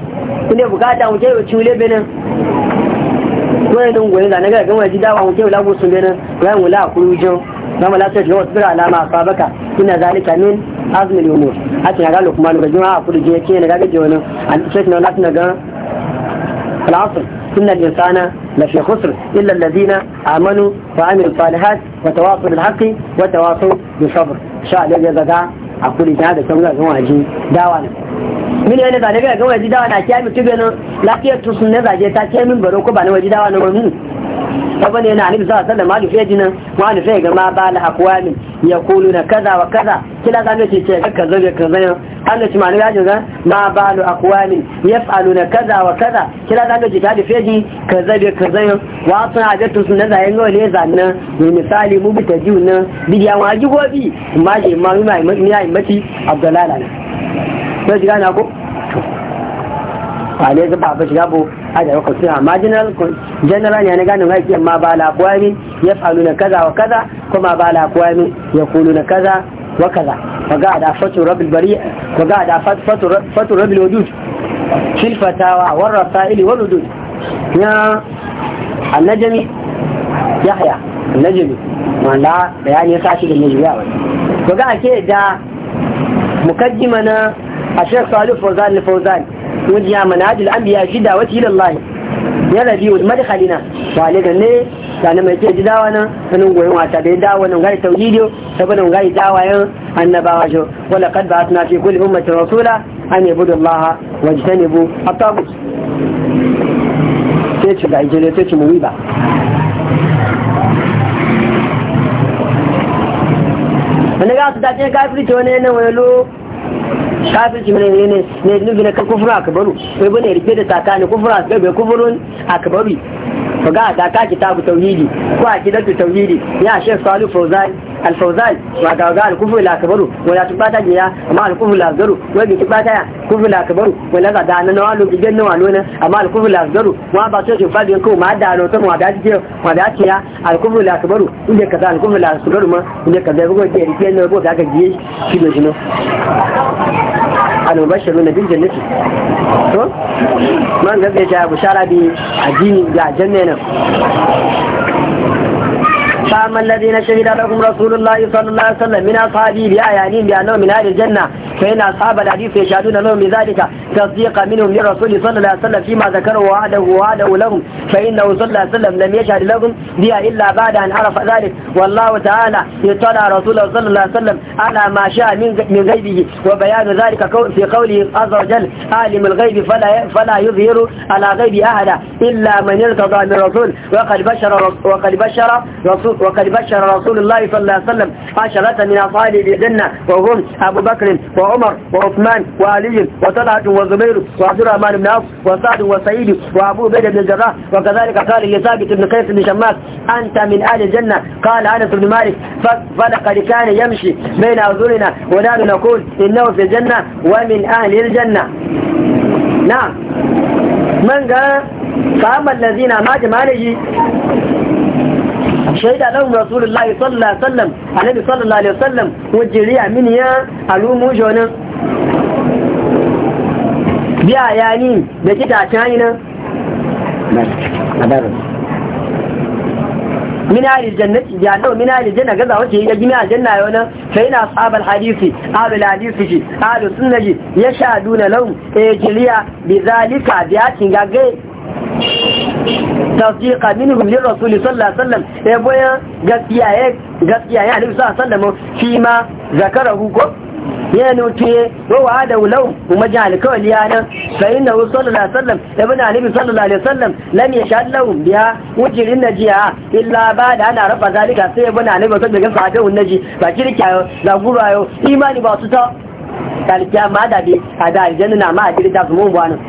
ku ne bukata mu je ku cule nan kawai don goyi zane ga gama ji dawa mutum lagu su ne ran wula a kuru jin gama lafiyar shi wasu bira alama a baka ina zalika min azmin umur a cikin galo kuma ga jima a kuru jin ke ne gaga ji wani an ce shi na lati na ga al'asr inna da insana la fi khusr illa alladhina amanu wa amilu salihat wa tawasaw bil haqqi wa tawasaw bis sabr sha Allah ya zaga a kuri da da kan ga waje dawa ne mini yana zane ga gawa ji na kiya mutu gano lafiya tu sun ne zaje ta ce min baro ko ba na waji dawa na wani sabon yana annabi sallallahu alaihi wasallam ma dufe jinan ma dufe ga ma ba la aqwamin na kaza wa kaza kila zan ce ce kaza da kaza Allah shi ma'ana yajin zan ma ba la aqwamin na kaza wa kaza kila zan ce ta feji ji kaza da kaza wa sun hajatu sun ne zaje ga ne zanna misali mu bi ta jiuna bidiyan wa ji gobi ma je ma mai mai mai mati abdullahi sai shiga na ko ne ga ba shiga bo a da ko sai marginal general ne gane ga ki amma ba la qawmi ya na kaza wa kaza kuma ba la qawmi ya kulu na kaza wa kaza faga da fatu rabbil bari faga da fatu fatu rabbil wudud fil fatawa war rasail wal wudud ya annajmi yahya annajmi wala bayani ya sashi da najmi ya ga faga ake da mukaddima na الشيخ صالح فوزان الفوزان ودي منهج الأنبياء في دعوة إلى الله ya rabi wa madkhalina wale da ne sanan mai ce dawa nan sanin goyon wata da dawa nan gari tauhidiyo saboda mun gari dawayan annabawa jo wala qad ba'athna fi kulli ummatin rasula an yabudu Allah wa yajtanibu at-taghut sai ci da ijele sai ci mu wiba wani ga su dace kafirce wani yanayi wani lo kafirci ne ne ne nufi na kan kufura a kabaru sai bane rike da taka ne kufura a gabe kufurun a kabaru ba ga taka ku tauhidi ko a kidatu tauhidi ya shek salu fauzani alfauzan wa ga ga alkufu la kabaru wa tubata jiya amma alkufu la zaru wa ga tubata ya kufu la kabaru wa la da na nawalu gidan na walu na amma alkufu la zaru wa ba to jufa biyan ko ma da no to da je ma da ce alkufu la kabaru inda kaza alkufu la zaru ma inda kaza ko ke rike na ko ga shi ne jino al bil jannati to man ga ya bushara bi ga فأما الذين شهد لهم رسول الله صلى الله عليه وسلم من أصحابه بأيانين بأنهم من أهل الجنة فإن أصحاب الحديث يشهدون لهم بذلك تصديقا منهم للرسول صلى الله عليه وسلم فيما ذكره وعده وعده لهم فإنه صلى الله عليه وسلم لم يشهد لهم بها إلا بعد أن عرف ذلك والله تعالى اطلع رسوله صلى الله عليه وسلم على ما شاء من غيبه وبيان ذلك في قوله عز وجل عالم الغيب فلا فلا يظهر على غيب أحد إلا من ارتضى من رسول وقد بشر وقد بشر رسول وقد بشر رسول الله صلى الله عليه وسلم عشرة من أصحاب الجنة وهم أبو بكر وعمر وعثمان وعلي وطلعة وزبير وعبد الرحمن بن عوف وسعد وسعيد وأبو بكر بن الجراح وكذلك قال لثابت بن قيس بن شماس أنت من أهل الجنة قال أنس بن مالك فلقد كان يمشي بين أذننا ونحن نقول إنه في الجنة ومن أهل الجنة نعم من قال فأما الذين ما جمالي shaida lahum rasulullahi sallallahu alaihi wasallam annabi sallallahu alaihi wasallam wajiri amini ya alumu jonan biya yani da kita tani nan من أهل الجنة جانو من أهل الجنة كذا وجه يجمع الجنة يونا فإن أصحاب الحديث أهل الحديث أهل السنة يشهدون لهم إجليا بذلك بياتي غاقي tasdiqa minhu li rasul sallallahu alaihi wasallam e boya gaskiya eh gaskiya ya alaihi wasallam fi ma zakarahu ko ya nuce wa wa da law kuma ji alkawali ya nan sai sallallahu alaihi wasallam ibn ali sallallahu alaihi wasallam lam yashhad lahu biya wujirin najiya illa ba da ana rafa zalika sai ibn ali ba daga sahabun naji ba kirkiya da gurayo imani ba su ta kalkiya ma da bi a da aljanna ma a jirta su mun ba nan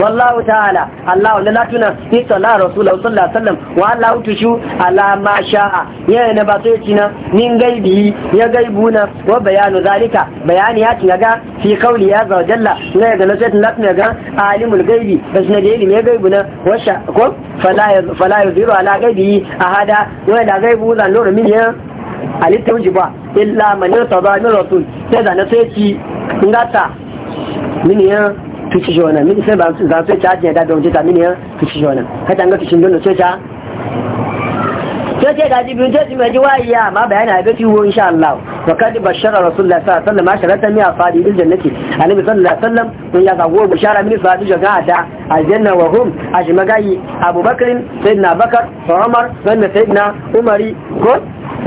wallahu ta'ala Allah wallahi latuna ni sala rasul sallallahu sallam wa Allah utushu ala ma sha'a ne ba sai gaibi ya wa bayanu zalika bayani ya ci ga fi qawli ya za jalla ne ga la sai alimul gaibi ne wa sha ko fala fala ala gaibi ahada wa gaibu zan lura min ya illa man yusaba rasul sai da na sai ngata min ya tuci shi wannan mini sai ba su za su ci ajiyar da don jita mini ya tuci shi wannan hata ga tuci don ce ta ce ce gaji ce su mai jiwayiya ma bayani a gaci wo insha Allah wa kadi bashara rasulullah sallallahu alaihi wasallam asharatan mi afadi bil jannati annabi sallallahu alaihi wasallam kun ya ga go bashara mini fa du jaga da aljanna wa hum ajmagai abubakar sayyidina bakar umar sayyidina umari ko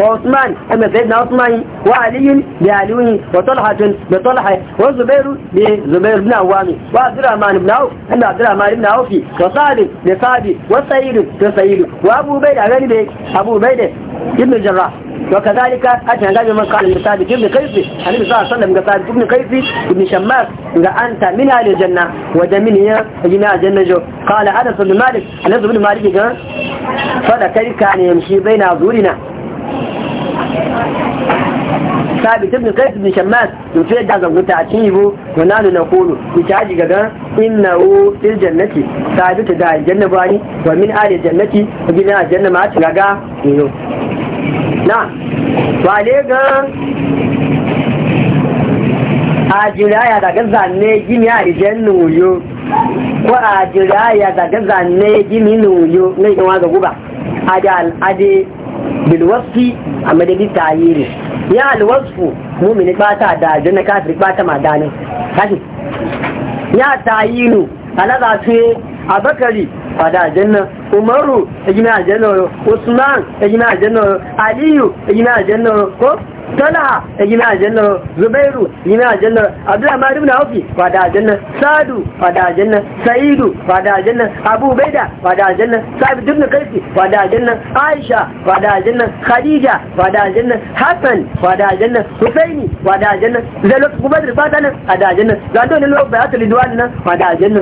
وعثمان أما سيدنا عثمان وعلي بعلوي وطلحة بطلحة وزبير بزبير بن عوامي وعبد الرحمن بن عوف أما عبد الرحمن بن عوف وصالح بصالح وسعيد بسعيد وأبو بيد أغنبي أبو بيد ابن الجراح وكذلك أتنا قال من قال لثابت ابن كيفي النبي صلى الله عليه وسلم قال ابن كيفي ابن شماس إذا أنت من أهل الجنة وده من هي جماعة الجنة جو قال أنس بن مالك أنس بن مالك قال فذكرك كان يمشي بين أظهرنا sabit ibn qais ibn shammas to sai da zan guta a cikin yibo to na nuna kolo ku ta ji gaga hu fil jannati ta da aljanna bani wa min ali jannati gina min aljanna ma ta gaga yo na wa le ga a jiraya daga zanne gini a jannu yo ko a ya daga zanne gini nuyo ne kan wa ga guba ada ade bilwasfi a madadin tayiri ya alwasfu mumini bata da jana kafir bata madanin kashi ya tayinu alaza tuye abakari fada aljanna umaru egina aljanna yo usman egina aljanna yo aliyu egina aljanna yo ko talha egina aljanna yo zubairu egina aljanna yo abdulrahman ibn awfi fada aljanna sadu fada aljanna sa'idu fada aljanna abu baida fada aljanna sabit ibn kaifi fada aljanna aisha fada aljanna khadija fada aljanna hasan fada aljanna husaini fada aljanna zalat kubadr fada nan fada aljanna zado ne lo bayatul idwan nan fada aljanna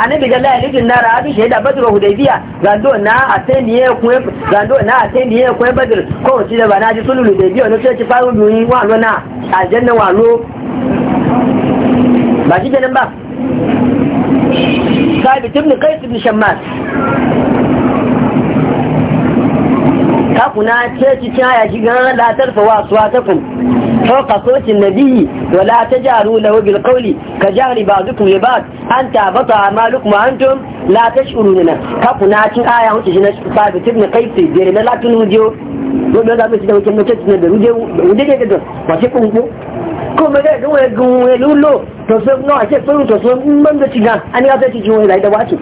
annabi ga lai lijin nara abin shaida badru hudaybiya gando na atendiye ku gando na atendiye ku badru ko ci da bana ji sulul hudaybiya no sai ci faru duni wa lo na aljanna wa lo ba ji kenan ba sabit tibni qais ibn shammas kuna ce ci ta ya shiga la tarfa wa suwa kun فوق صوت النبي ولا تجاروا له بالقول كجار بعضكم لبعض أنت بطع مالكم وأنتم لا تشعروننا كفنا عشان آية هنا شنا شفاية بتبنى قيبتي ديرنا لا تنوديو ودو دا بيسي دو كنو تشنا دو ودو دا دو ودو kuma da yadda wani gunwe lullo to sun nawa ke furu to sun man da shiga an yi asirci jiwon ya da wace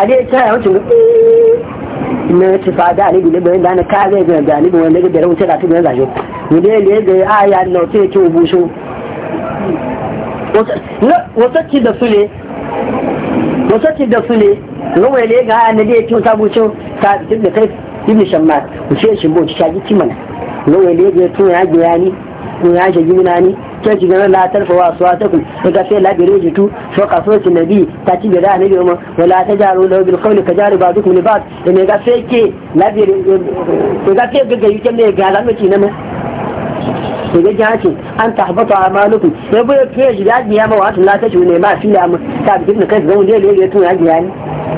a dai ta yawancin gudu na ci fada ne bile bayan dana ka zai ga gani da wanda da rawu da tun zaje mu dai le ga aya na ce ce busho wata ci da ne? wata ci da sule ruwa le ga aya na dai ce ta busho ta duk da kai ibn shammat ku shi bo ta ji mana ruwa le ga tun ya ga kun ya shagi munani ke ci ganar latar fa wasu wata kun daga sai labirin jitu fa so ci nabi ta ci gada nabi ma wala ta jaru da bil qawli ka jaru ba duk ne ba da ne ga sai ke labirin daga eh, eh, sai ga yuke ne ga zan ci na ma ja ce an tahbata amalukum bu ya ke ji da ji ya ma wasu la ta ci ne ma fila mu ta bi ne kai zan ne le le tu ya ji ya ni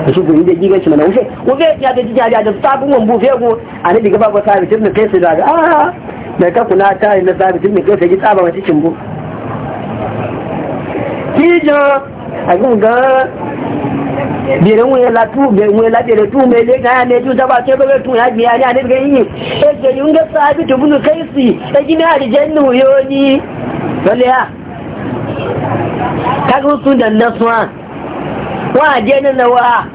ko shi gumi da ji gigan shi mana wuce wuce ya ga ja da sabon wambu fego a ne ba babu sabi ne kai su da ga a ah, da ka kuna ta yi na zabitin mai kai sai tsaba wata cimbo kijan a gungan birin wuyan latu bai wuyan latu da tu mai leka ya ne juta ba sai bai tu ya biya e ne a nirga yi e ke yi unga sabi tu bunu kai si ta gini a rijen nuyoni wale ya ka da nasuwa wa je na nawa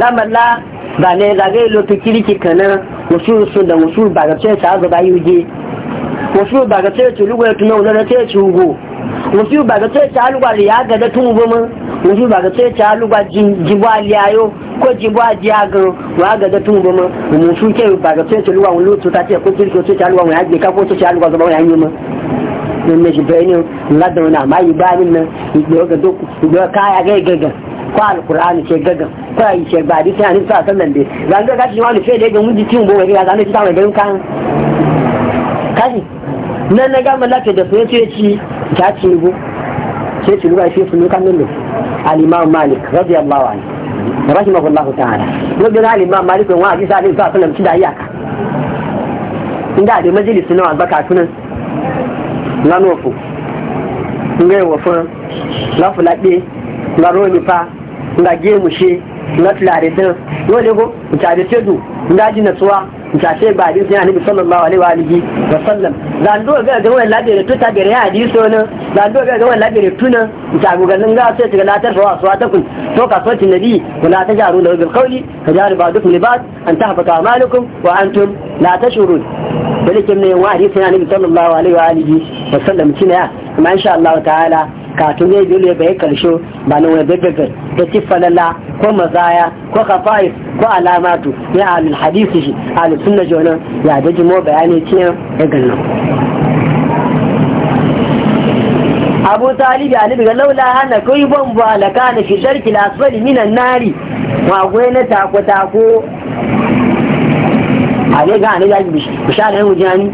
lamalla ba ne zagaye lokacin kirki kanan wasu su da wasu ba ga ce ta gaba yuje wasu ba ga ce ta lugo tuna wala ce ci ugo wasu ba ga ce ta lugo ya ga da tun goma wasu ba ga ce ta lugo jibo aliyayo ko jibo ajiya ga wa ga da tun goma mu su ke ba ga ce ta lugo wala to ta ce ko ce ce ta lugo wala ya ga ko ce ta lugo zaba ya yi mu nan ne jibo ne ladauna mai ba ni nan ido ga duk ido kaya ga gaga ko alkur'ani ke gagan ko ayi ke ba dai sai an sa sallan dai zan ga gashi wani fe da ga mun jikin bo wai ga zan ci ta mai garin kan kashi nan na ga mallaka da sai ce ci ta ci go sai ci ruwa sai su ne kan nan al-imam malik radiyallahu anhu rahimahullahu ta'ala wajen al-imam malik wa hadisi alaihi sallam ci da iyaka inda da majalisi na albaka tunan lanofu ngai wafin lafulaɗe na romi fa na gemushe na nga tulare din wani ko mutane tedu na ji natsuwa ce ba hadisi sai nabi sallallahu alaihi wa alihi wa sallam zando ga ga wani labere to ta gare hadisi wani zando ga ga wani labere tuna ta ga ganin ga sai ta latar fa su ta kun to ka so tin nabi wala ta jaru da bil qawli ka jaru ba dukun libat an tahbata malukum wa antum la tashurun balikin ne wa hadisi ya nabi sallallahu alaihi wa alihi wa sallam kina ma insha Allah ta'ala katun zai dole bai karshe ba na wani gaggagar da tifalala ko mazaya ko kafa'is ko alamatu ya alul hadisi shi alul sunna jona ya da jimo bayani ciyan daga nan abu talib ya alibi ga laula hana kai ban ba la kana fi sharki al-asfali minan nari wa gwena tako tako a ne ga ne da bishara ne wujani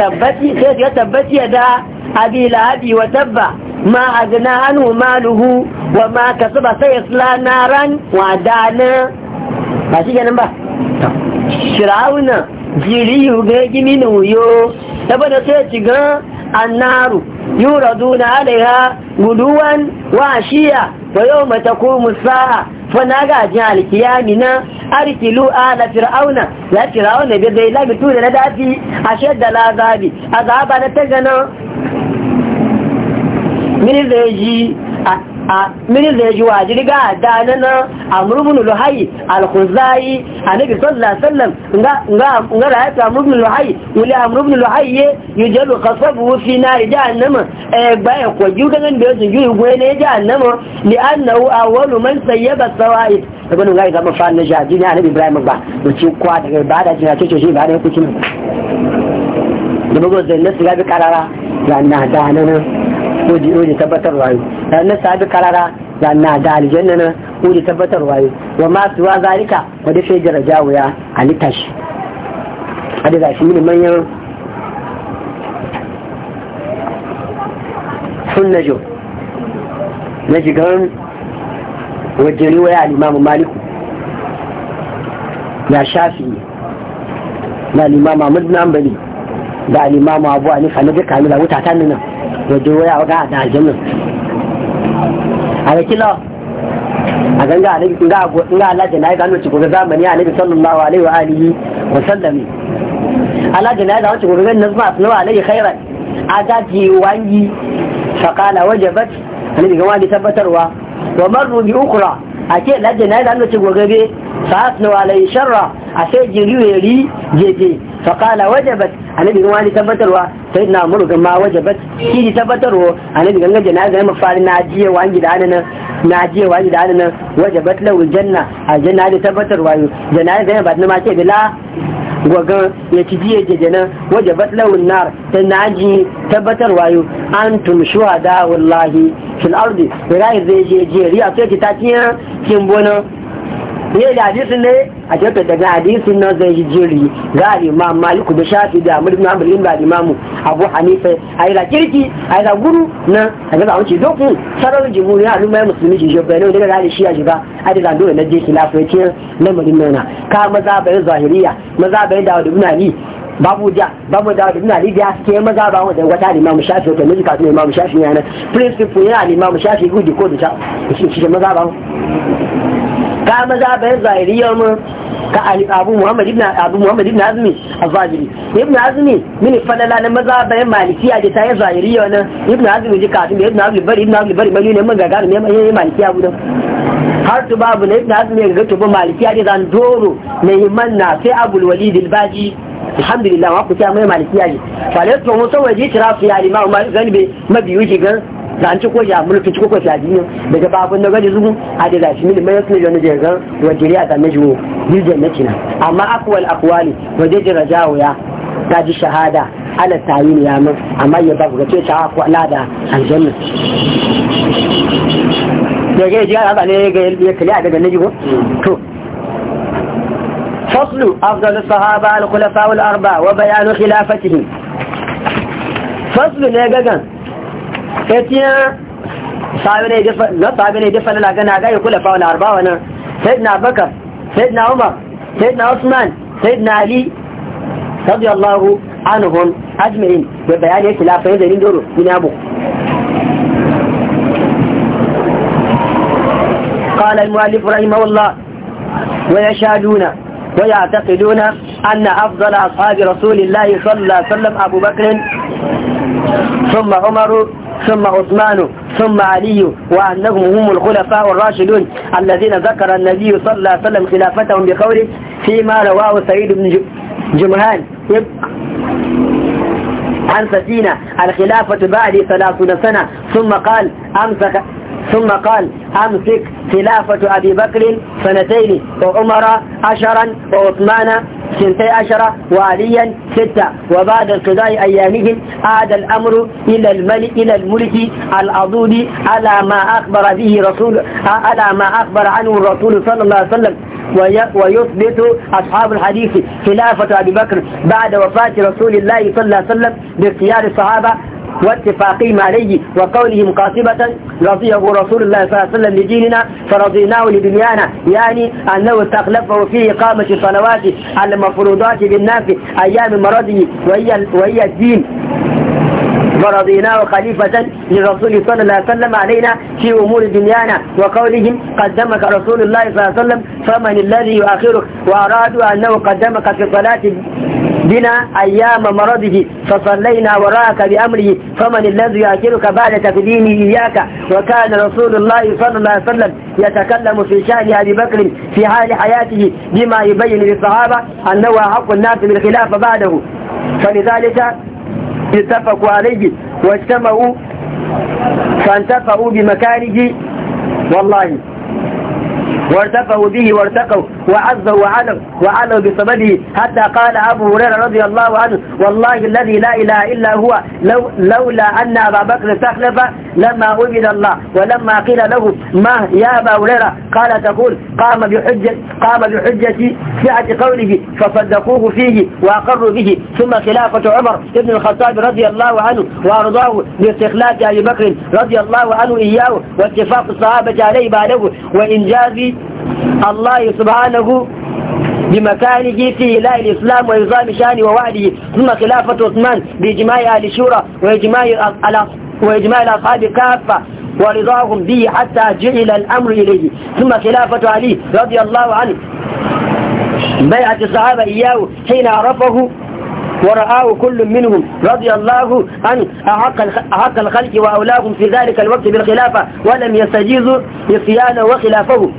tabbati sai ya tabbati ya da abi lahabi wa tabba ma agna anhu maluhu wa ma kasaba sayasla naran wa dana ba shi ganin ba shirauna jiri yuga gimi na saboda sai ci ga annaru yuraduna alaiha guduwan wa shiya wa yawma taqumu sa'a fa naga jin alkiyami na arkilu ala fir'auna ya fir'auna bai zai labi tura na dafi ashadda lazabi azaba na tagana mini zai ji a mini a ji wa jirga da nana amurbin luhayi alkuzayi a nabi sallallahu sallam nga rayata amurbin luhayi wuli amurbin luhayi ye yi jalu kasabu fi na yi jahannama egba ya kwaji ganin da ya sun yi gwe ne jahannama li a awwalu man sayyaba sawa'i da gwanin ga zama fa na jaji ne a nabi ibrahim ba da ci kwa daga ibada jina ce shi ba da ya kuci ne da bugu zai nasu ya bi karara ga na da oji oji tabbatar wayo na sabi karara da na da aljanna na oji tabbatar wayo wa ma suwa zalika wa da fejira jawo ya halitta shi a da zashi mini manyan sunnajo na shigan wajen riwaya al'imamu maliku ya shafi na al'imamu amadu na ambali da al'imamu abu a nufa na duka mila wuta ta nuna wajen waya wa ga da aljanna a da kila a ganga alaihi kun ga ga Allah na nayi gano cikin zamani alaihi sallallahu alaihi wa alihi wa sallam Allah da ya gano cikin ga nazma sallallahu alaihi khairan aga yi wangi faqala bat alaihi ga wani tabbatarwa wa marru bi ukura a ce na ya gano cikin gobe fa nawa alaihi sharra a sai jiri jete faƙala wajabat a nabi ruwa ne tabbatarwa sai na murugan ma wajabat shi ne tabbatarwa a nabi gangaje na zai mafari na ajiye wa gida hannun na ajiye wa gida hannun wajabat lau janna a janna da tabbatarwa yau ya zai ba ya ci jiye jajjana wajabat lau nar ta na ji tabbatarwa yau an tum shuhada wallahi fil ardi zai je jeri a sai ki ta kin bonan ne da hadisi ne a tafi daga hadisin nan zai yi jiri ga al'imam maliku da shafi da amur ibn hanbal da al'imamu abu hanifa a yi da kirki a yi da guru na a ga wuce dokun sarar jimhuriyar al'umma ya musulmi shi shafi ne daga rari shi a shiga a da zando na jeshi lafiyar lamarin nuna ka maza bayan zahiriya maza dawo da wadda ali babu ja babu da ibn ali da ke maza ba wanda wata mamu shafi ko ne ka mamu shafi yana principle ne mamu shafi gudi ko da shi maza ba ka maza bayan zahiriya mu ka abu muhammad ibn abu muhammad ibn azmi azajiri ibn azmi mini fadala na maza bayan malikiya da ta yi zahiriya na ibn azmi ji kafin da ibn azmi bari ibn azmi bari bari ne mun gagarin ne yi malikiya guda har tu babu na ibn azmi ga tuba malikiya da zan doro ne na sai abul walid al-baji alhamdulillah wa ku ta mai malikiya ne falai to mu sawaje tirafi ya limam malik zan mabiyu ki gan na an ci ko ya mulki ci ko shaji ne daga babun na gani zuwa a da lashi mini mai yasu ne yana jirga wa jiri a zame jiwo jirgin na kina amma akwai akwali waje jira jawo ya ta ji shahada ala tayin ya min amma ya ba ga ce ta akwa da aljanna da ga ji ala ne ga ya kali a daga na jiwo to فصل أفضل الصحابة الخلفاء الأربعة وبيان خلافتهم فصل ne gagan فتيا صابني دف لا صابني دف لا غنا غا يقول فاو الاربعه وانا سيدنا بكر سيدنا عمر سيدنا عثمان سيدنا علي رضي الله عنهم اجمعين وبيان إيه خلاف إيه زين دور من ابو قال المؤلف رحمه الله ويشهدون ويعتقدون أن أفضل أصحاب رسول الله صلى الله عليه وسلم أبو بكر ثم عمر ثم عثمان ثم علي وأنهم هم الخلفاء الراشدون الذين ذكر النبي صلى الله عليه وسلم خلافتهم بقوله فيما رواه سعيد بن جمهان عن سفينة الخلافة بعد ثلاثون سنة ثم قال أمسك ثم قال أمسك خلافة أبي بكر سنتين وعمر عشرا وعثمان سنتي عشرة وعليا ستة وبعد انقضاء أيامهم عاد الأمر إلى الملك إلى الملك العضود على ما أخبر به رسول على ما أخبر عنه الرسول صلى الله عليه وسلم ويثبت أصحاب الحديث خلافة أبي بكر بعد وفاة رسول الله صلى الله عليه وسلم باختيار الصحابة واتفاقهم عليه وقولهم قاطبة رضيه رسول الله صلى الله عليه وسلم لديننا فرضيناه لدنيانا يعني أنه استخلفه في إقامة الصلوات المفروضات بالناس أيام مرضه وهي, وهي الدين فرضيناه خليفة لرسول صلى الله عليه وسلم علينا في أمور دنيانا وقولهم قدمك رسول الله صلى الله عليه وسلم فمن الذي يؤخرك وأرادوا أنه قدمك في صلاة بنا أيام مرضه فصلينا وراك بأمره فمن الذي يأكلك بعد تقديمه إياك وكان رسول الله صلى الله عليه وسلم يتكلم في شأن أبي بكر في حال حياته بما يبين للصحابة أنه حق الناس بالخلافة بعده فلذلك اتفقوا عليه واجتمعوا فانتفعوا بمكانه والله وارتقوا به وارتقوا وعزوا وعلوا وعلوا بصمده حتى قال أبو هريرة رضي الله عنه والله الذي لا إله إلا هو لو لولا أن أبا بكر استخلف لما عبد الله ولما قيل له ما يا أبا هريرة قال تقول قام بحجة قام بحجة سعة قوله فصدقوه فيه وأقروا به ثم خلافة عمر بن الخطاب رضي الله عنه وأرضاه باستخلاف أبي بكر رضي الله عنه إياه واتفاق الصحابة عليه بعده وإنجاز الله سبحانه بمكانه في إله الإسلام وإنظام شانه ووعده ثم خلافة عثمان بإجماع أهل الشورى وإجماع وإجماع الأصحاب كافة ورضاهم به حتى جعل الأمر إليه ثم خلافة علي رضي الله عنه بيعة الصحابة إياه حين عرفه ورآه كل منهم رضي الله عن أحق الخلق وأولاهم في ذلك الوقت بالخلافة ولم يستجيزوا لصيانه وخلافه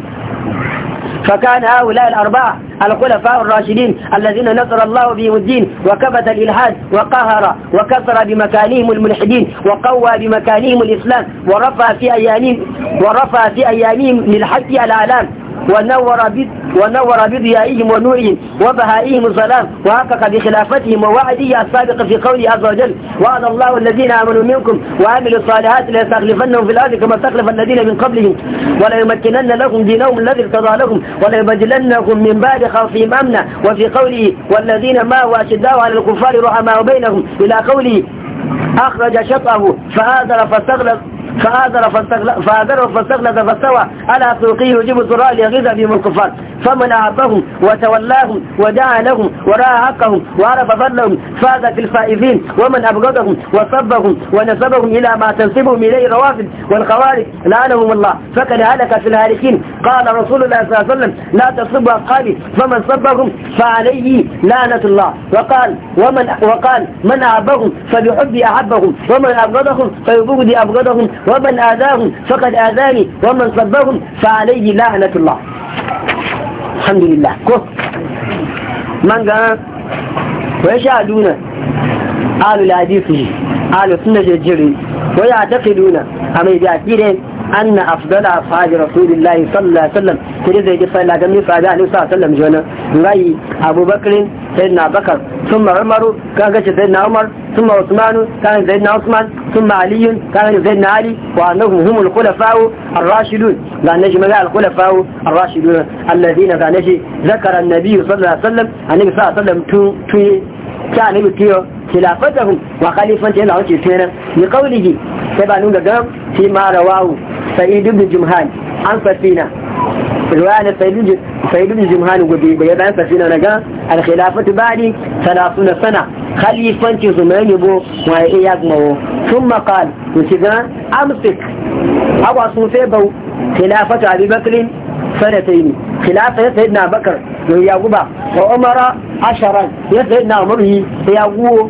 فكان هؤلاء الأربعة الخلفاء الراشدين الذين نصر الله بهم الدين وكبت الإلحاد وقهر وكسر بمكانهم الملحدين وقوى بمكانهم الإسلام ورفع في أيامهم ورفع في أيامهم للحق الآلام ونور بد ونور بضيائهم ونورهم وبهائهم الظلام وحقق بخلافتهم ووعده السابق في قوله عز وجل وعد الله الذين امنوا منكم وعملوا الصالحات ليستخلفنهم في الارض كما استخلف الذين من قبلهم وليمكنن لهم دينهم الذي ارتضى لهم وليبدلنكم من بعد خوفهم امنا وفي قوله والذين ما اشداء على الكفار رحماء بينهم الى قوله اخرج شطه فآذر فاستغلق فآذر فآذر فاستغلظ فاستوى على سوقه يجيب الضراء ليغيظ بهم الكفار فمن أعطاهم وتولاهم ودعا لهم ورأى حقهم وعرف فضلهم فاز في الفائزين ومن أبغضهم وصبهم ونسبهم إلى ما تنسبهم إليه الروافد والخوارج لعنهم الله فقد هلك في الهالكين قال رسول الله صلى الله عليه وسلم لا تصب أصحابي فمن صبهم فعليه لعنة الله وقال ومن وقال من أحبهم فبحب أحبهم ومن أبغضهم فببغضي أبغضهم ومن آذاهم فقد آذاني ومن صبهم فعليه لعنة الله الحمد لله كو من قال ويشهدون آل الحديث آل السنة الجري ويعتقدون أما يعتقدون أن أفضل أصحاب رسول الله صلى الله عليه وسلم تريد أن يصلى الله عليه صلى الله عليه وسلم جونا غي أبو بكر سيدنا بكر ثم عمر كان سيدنا عمر ثم عثمان كان سيدنا عثمان ثم علي كان سيدنا علي وأنهم هم الخلفاء الراشدون قال نجي مجال الخلفاء الراشدون الذين كان نجي ذكر النبي صلى الله عليه وسلم النبي صلى الله عليه وسلم توي كان يقول خلافتهم وخليفتهم لهم تسيرا لقوله سبعون قام فيما رواه سعيد بن جمهان عن سفينة رواية سعيد بن جمهان وبيبان سفينة نقام الخلافة بعد ثلاثون سنة khalifanci su mai yabo waye iya gmawo sun makal ku shiga amsik awa sun sai bau khilafatu abi bakrin sanataini khilafa ya sayyidina bakar ya guba wa umara asharan ya sayyidina umar ya guwo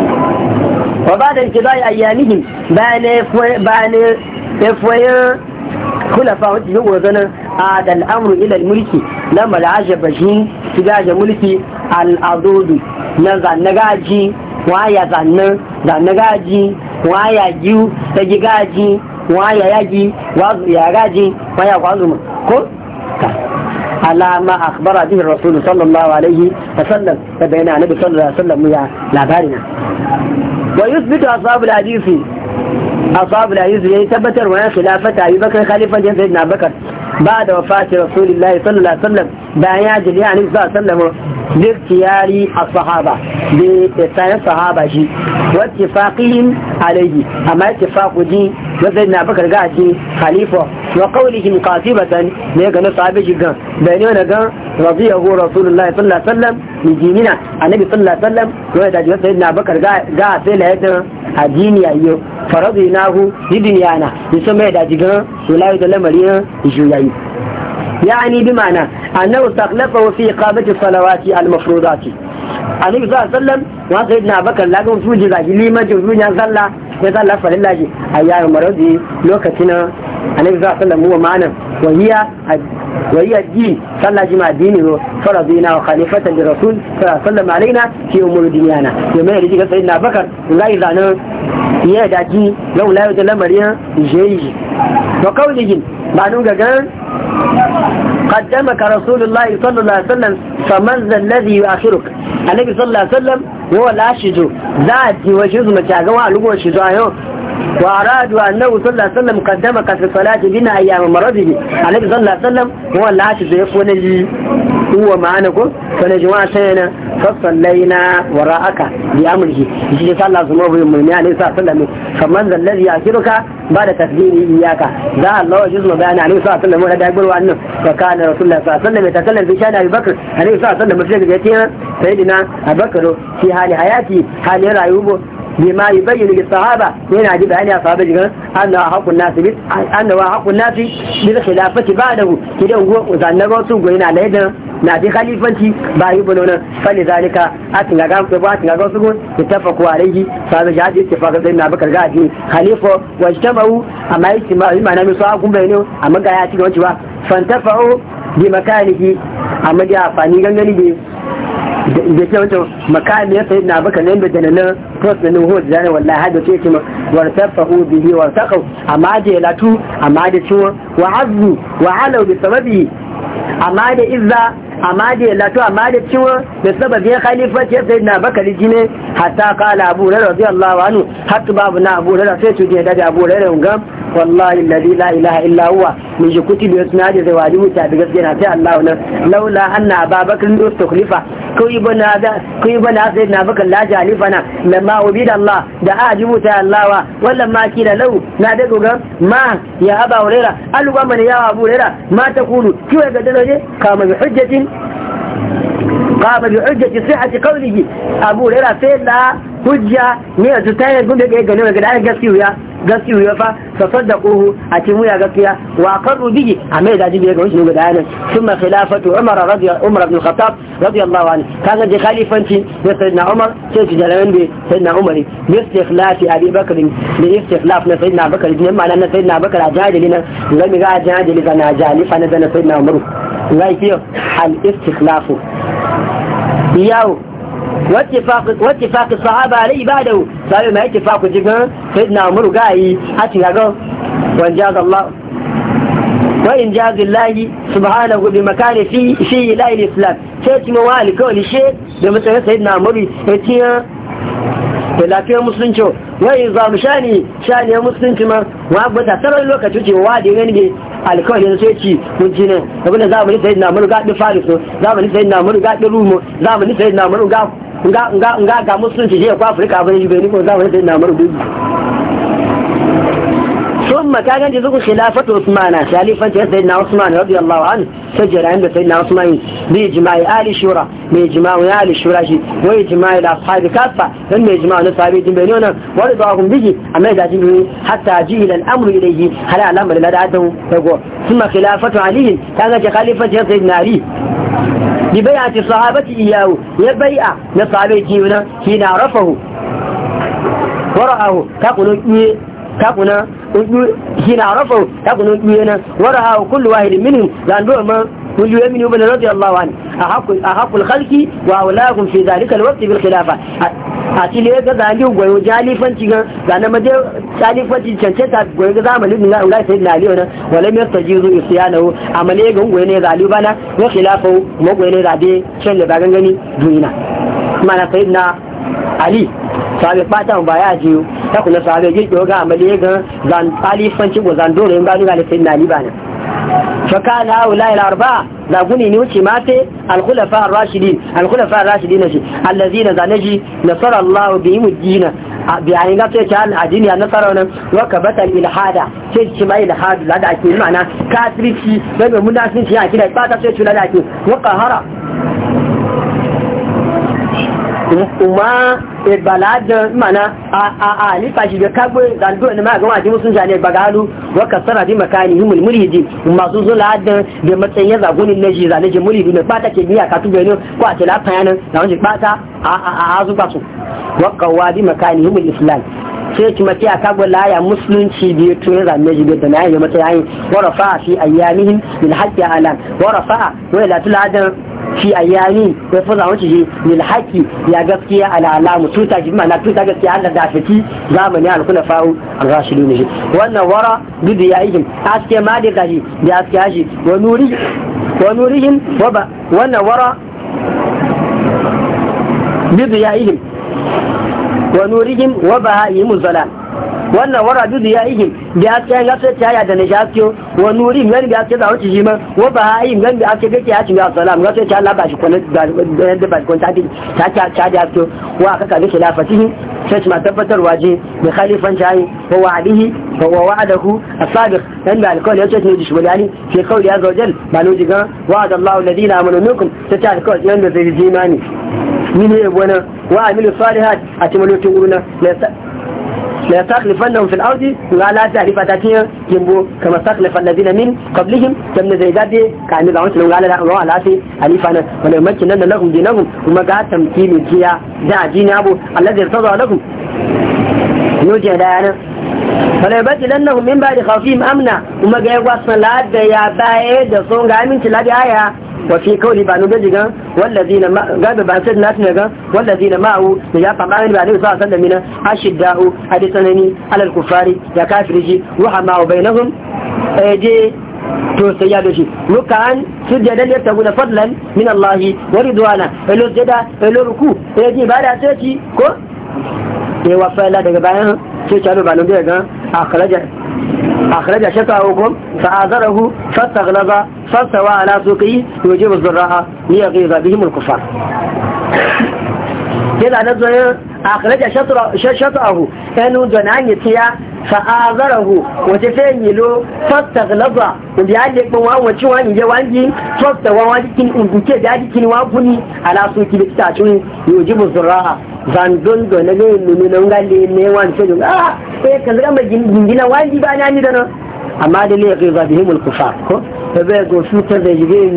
wa ba da ba a yanihin ba ne ya foyin kulafa wata yi wazanin a dal'amuru ilal mulki na malaje bashin su gaje mulki al'adodu na zanne gaji waya zanne zanne gaji waya giyu ta gi gaji waya yagi wazu ya gaji waya kwazu ma ko ala ma akhbara bihi rasulullahi sallallahu alaihi wa sallam da bayyana nabi sallallahu alaihi wa ya labarina wa yusbitu ashabul hadisi ashabul hadisi yayi tabbatar wa khilafata Abi Bakar khalifan sayyidina Bakar ba da wafati Rasulullahi sallallahu alaihi wasallam bayan ya jili a sallallahu alaihi wasallam biktiyari a sahaba da tsayen sahaba shi wacce faƙihin alayhi amma yake faƙuji wanda na bakar ga ce khalifa wa qawlihim qasibatan ne ga na sahabi shi gan da ne wani gan radiyahu rasulullah sallallahu alaihi wasallam ni jinina annabi sallallahu alaihi wasallam wanda da sayyidina bakar ga sai la yadda addini yayo faradu nahu hidiyana yaso mai da jigan sulai da lamarin juyayi يعني بمعنى أنه استخلفه في إقامة الصلوات المفروضات النبي صلى الله عليه وسلم وان سيدنا بكر لكم سوجي زاجي لما جوجي عن صلى يصلى فلله جي أيام مرضي لوكتنا النبي صلى الله عليه وسلم هو معنى وهي وهي الدين صلى جمع الدين فرضينا وخليفة للرسول صلى الله عليه وسلم علينا في أمور دنيانا يومين يجي سيدنا بكر لا يزعنا ya daji لو لا da lamarin jeji da kaunigin ba nun gagan قدمك رسول الله صلى الله عليه وسلم فمن ذا الذي يؤخرك النبي صلى الله عليه وسلم هو لا شجو ذاتي وشيز متاغوا لغو شجو ايو وأرادوا أنه صلى الله عليه وسلم قدمك في الصلاة بنا أيام مرضه عليك صلى الله عليه وسلم هو اللي عاشد يكون هو معانكم فنجمع سينا فصلينا وراءك بأمره يجي صلى الله عليه وسلم عليه الصلاة والسلام فمن ذا الذي يأكلك بعد تسليمه إياك ذا الله جزء بأن عليه الصلاة والسلام ولا يقول عنه وكان رسول الله صلى الله عليه وسلم يتكلم في شأن أبي بكر عليه الصلاة والسلام مثل سيدنا أبي بكر في حال حياتي حال يرى bima yubayyin li sahaba yana ji bayani a sahaba jigan anna haqqun nas bi anna wa haqqun nas bi khilafati ba'dahu kidan go zanna go su go yana laidan na bi khalifanci ba yi bulo nan fali zalika a tinga ga ko ba tinga ga su go tafaku alayhi sahaba jadi ittifaq sai na bakar ga ji khalifa wa jtama'u amma ijtima'u ma'ana mi sa'a kun bayani amma ga ya ci gaba cewa fantafa'u bi makanihi amma da afani gangani bi da ke makami ya sayi na baka nan da jananin prospenin hujji zane wallahi hajji ce ce ma wartafa hu bihi wartakau amma je yalatu amma da ciwon wa azu wa halau da sababi amma da izza amma da lato amma da ciwo da sababin khalifanci sai na bakari jine hatta kala abu rarra radiyallahu anhu hatta babu na abu rarra sai su je da abu rarra gam wallahi alladhi la ilaha illa huwa min jukuti bi sunna da zawadi muta daga gaskiya na sai Allah na laula anna ababakar do khalifa kai bana da kai bana sai na baka la jalifa na lamma ubi da Allah da ajibu ta Allah wa wallan ma kila lau na da gogan ma ya aba rarra alwa man ya abu rarra ma ta kulu kiwa قدنا قام بحجة قام بحجة صحة قوله أبو هريرة فين لا hujja ne a ga gane ga dai gaskiya gaskiya fa a cikin wuya gaskiya wa qaru a mai da jibe ga khilafatu umar umar khattab radiyallahu anhu da sayyidina umar sai da sayyidina umar ne istikhlafi abi ne istikhlaf na sayyidina ne ma'ana na sayyidina a jahili na lami ga jahili ga na jahili na sayyidina umar zai al istikhlafu واتفاق الصحابة عليه بعده قالوا ما اتفاق جيغان سيدنا عمر قائي حتى يقول وانجاز الله وإنجاز الله سبحانه بمكان في فيه لا الإسلام سيت موالي كل شيء بمثل سيدنا عمر اتيا لكن musulunci wai za mu شاني shani musulunci ma wa gbata sarar lokaci ce alkawari na sai ci mun ci ne abinda zamani sai na mun gaɗi faris no zamani sai na mun gaɗi rumo mu sai na mun ga ga ga ga musulunci je kwa afirka abin yi bai ni ko zamani sai na mun gudu ثم كان يذوق خلافة عثمان خليفة سيدنا عثمان رضي الله عنه سجل عند سيدنا عثمان بإجماع آل الشورى بإجماع آل الشورى وإجماع الأصحاب كافة ثم إجماع الصحابة بيننا ورضاهم به أما إذا جئوا حتى جئل الأمر إليه هل الأمر لا عده يقول ثم خلافة علي كان خليفة سيدنا علي ببيعة الصحابة إياه يبيع لصحابة جيونا حين عرفه ورآه تقول تقول hina rafa ta kunu biye nan wara ha kullu wahidin minhum zan ma kullu yaminu bin radiyallahu anhu ahaqu ahaqu al-khalqi wa awlahum fi dhalika al-waqt bil khilafa a cile ga zali goyo jalifanci ga zana maje jalifanci cancanta goyo ga zamani din Allah sai na aliyo na wala mai tajizu isyanahu amale ga goyo ne zali bana wa khilafu mo goyo ne zade cin da gangani duniya mana sayyidina ali sabe patan baya jiyo ta kuna sabe ji ko ga amale ga zan alifanci go zan dole in ba ni gale na liba ne. fa kana haula arba da guni ni wuce mate al-khulafa ar-rashidin al-khulafa ar-rashidin shi allazina zanaji nasara Allah bihim ad-din bi ayin ga sai kan adini ya nasara wannan wa kabata al-ilhada sai shi mai ilhad da ake ma'ana kafirci da mun da sun ci akida ba ta sai tula da ake wa qahara kuma ebala da mana a alifa shiga kagbe zandu ne ma ga jimu sun jane bagalu wa kasara di makani yi mulmuri muridi masu zula da da matsayin ya zagunin na shi zane muridi da bata ke biya katu gani ko a tilata fayanan da wajen bata a a a zuba su wa kawadi makani himul islam sai ki mace a kago laya musulunci biyu to ya zame jibe da nayi mata yayi wa rafa'a fi ayyamihim bil haqqi alam wara fa'a wa la tuladan fi ayyami wa faza wuce ji bil haqqi ya gaskiya ala alamu tuta ji ma'ana tuta gaskiya Allah da fiti zamani al fa'u al rashidun ji wannan wara dudu yayi aske ma da gaji da aske shi wa nuri wa nurihim wa wannan wara bidu ya ihim wa nurihim wa bahayim zalal wannan wara dudu ya ihim bi aske ga sai ta ya da ne jaskiyo wa nurihim ngan bi aske da wuce shi ma wa bahayim ngan bi aske gake ya ci ga salam ga sai ta Allah ba shi kone da yadda ba kwana ta ta ta ta da to wa aka kaga lafatihi sai ma tabbatar waje bi khalifan jayi wa wa'adihi wa wa wa'adahu as-sabiq dan da alkol ya ce ne shi bayani fi qawli azza wa jal ba lo diga wa'ada Allahu alladhina amanu minkum sai ta alkawal yanda zai ji imani ميلي ابونا واعمل الصالحات اتملو تقولنا لا تخلفنهم في الارض ولا لا تهلف تاتيا يمبو كما تخلف الذين من قبلهم كم زيداد كان لا عنصر ولا لا روح لا تي حليفنا ولو مكننا لهم دينهم وما قاتم كيمي كيا جاء جين ابو الذي ارتضى لكم نوجه دائنا فلا يبدل لهم من بعد خوفهم امنا وما قاتم لا يا باي دسون قامين تلا دي ايها وفي قولي بانو بجيغا والذين ما غاب باسد ناتنغا والذين معه يا فمان بانو صلى الله عليه اشداء حدثني على الكفار يا كافرجي وحما بينهم اجي to sai ya doshi lukan sujjadan ya tabu da fadlan min Allah wa ridwana elo jada elo ruku sai ji bada sai ko sai wa fa'ala daga bayan sai ta ba nan daga akhraja أخرج شطعه فآذره فاستغلظ فاستوى على سوقه يجيب الزراعة ليغيظ بهم الكفار yana na zoyin a kalaja shatu'ahu yanu zana ya tiya fa'azarahu wace sai yi lo fasta galaba wanda ya je kpin wani ya wani je wani fasta wani wani kin unguke da yaji kin wani kuni ala su ki bita cin yoji buzuraha zandon da na gani nuni na ngali ne wani sai dunga ah sai eh, kan zama gingina wani ba na ni da nan amma da ne ya kai zabi himul kufa ko ta bai go su ta zai yi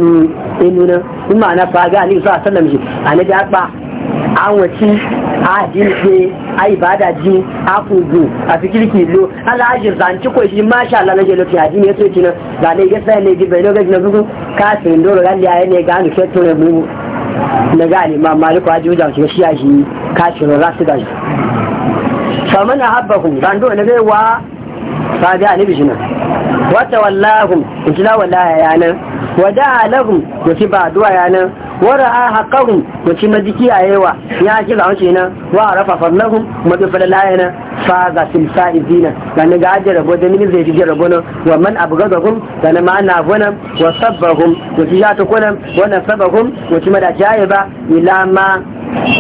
nuna in ma'ana faga ne su a sallam shi a na da ba an wace a jinse a ibada ji a fugu a fi kirki lo alhaji zanci ko shi ma sha Allah na jelo ki hadini yaso kina ga ne ga sai ne ji bai lokaci na bugu ka sin doro ga ya ne ga ni fetu ne mu na ga ni ma maliku a haji wajen shi shi shi ka shi ro rasu da shi faman ahabbakum zando ne ga wa sabi alibi shi na wata wallahum ikila wallaha yanan wada alahum da ci ba addu'a yanan wara a haƙahun da ci jiki a yawa ya ake zama ce nan wa a rafa farnahun mafi falala yana fa ga simsa izina da ni ga ajiyar rabo da nini zai jijiyar rabo nan wa man abu gaza hun da na ma'ana abu nan wa sabba hun da ci ya tukunan wannan sabba hun da ci mada jaye ba ila ma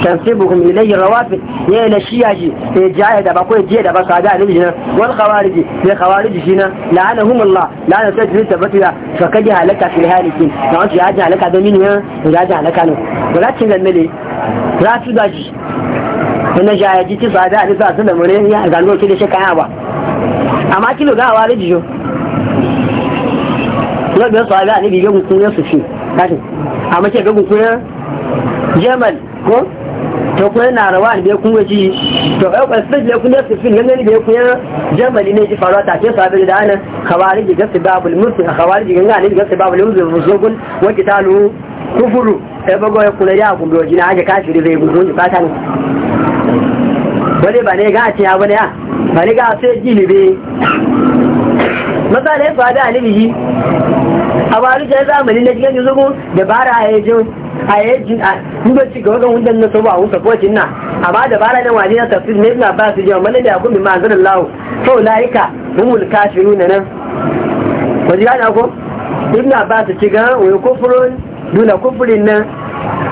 tansibuhum ilayhi rawafid ya ila shiya ji ya jaya da ba ko jiya da ba sada ne jinan wal khawariji ya khawariji jinan la'anahum Allah la'ana ta jin tabbatira fa kaji halaka fil halikin na wato ya ji halaka da min ya ya ji halaka ne wala cin ganne ne za su daji ina jaya ji ti sada ne sa su da mure ya ga lokaci da shekaya ba amma kilo ga wariji jo ya ga sada ne bi ga gukun ya su fi kashi amma ke ga gukun ya jamal ko to ko yana rawa da ku waji to ai ko sai da ku ne su fin nan ne da ya jamali ne ji faruwa ta ce sabi da ana khawarij ga sababul mursi khawarij ga ne ga sababul mursi zugul wa kitalu kufuru sai bago ya kula ya ku doji na ga kafiri zai gundo ji fata ne wale ba ne ga ce ya bane ya ba ga sai ji libe masalai fa da alibi a ba rijiyar zamani na cikin zugun da bara ya je a yaji a duba ci gaba ga hundan na soba hunka ko cinna amma da bara da waje na tafsir ne ina ba su jiya mallan da yakun ma ma'azar Allah to laika humul kafirun nan ko ji ana ko ibn abbas ci ga wa kufrun duna kufrin nan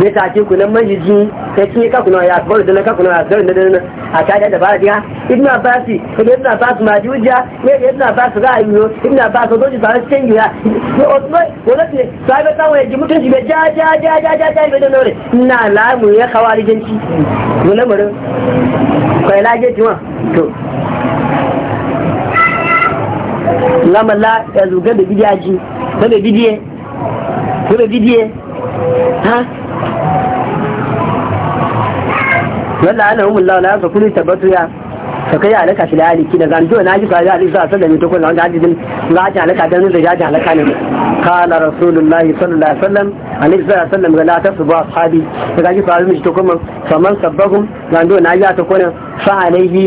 ya tafi kunan majiji ya ce ka kuna ya bar da ka kuna ya zar da nan a kaida da ba ibn abbas ibn abbas ma juja ne ibn abbas ga ayo ibn abbas do ji ba cikin gida ko osman wala ce sai ta waye ji mutunci be ja ja ja ja ja ja be da na la mu ya khawarijanci wala mare kai la je tiwa to lama la ya zuga da bidiyaji da bidiye da bidiye ha don la'ana hun mullawa la'afa kuli tabbatu ya sakai alaka shi la'ali kina zan jo na ji ka ya alisa sallan mai tokon wanda haji din za a ci alaka dan da ya ji alaka ne kala rasulullahi sallallahu alaihi wasallam alaihi sallallahu alaihi ga la tasbu ashabi daga ji ka mai tokon man faman sabbahum zan jo na ji ta kona fa alaihi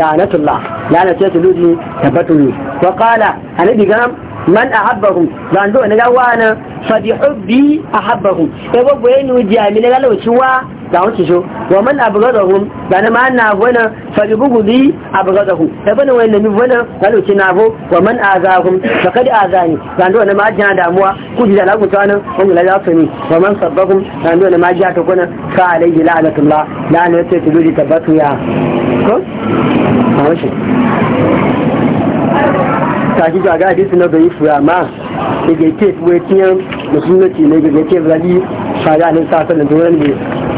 la'natullah la'natu tuluji tabbatu ne wa qala annabi gam man ahabbahum zan jo na ga wana fa bi hubbi ahabbahum e gogo ne ji amina ga lauci wa da wuce shi wa man abgadahum da na man na abgadahu sai bane kalu kina wa man azahum kad azani ndo na damuwa ku ji da ta nan ko la ya wa man sabbakum ndo na ta kuna ka alayhi la'natullah la ne sai ji tabbatu ya ko a wuce ta ji ga hadisi na yi fura ma ke ke musulunci ne ga ke ne sa ne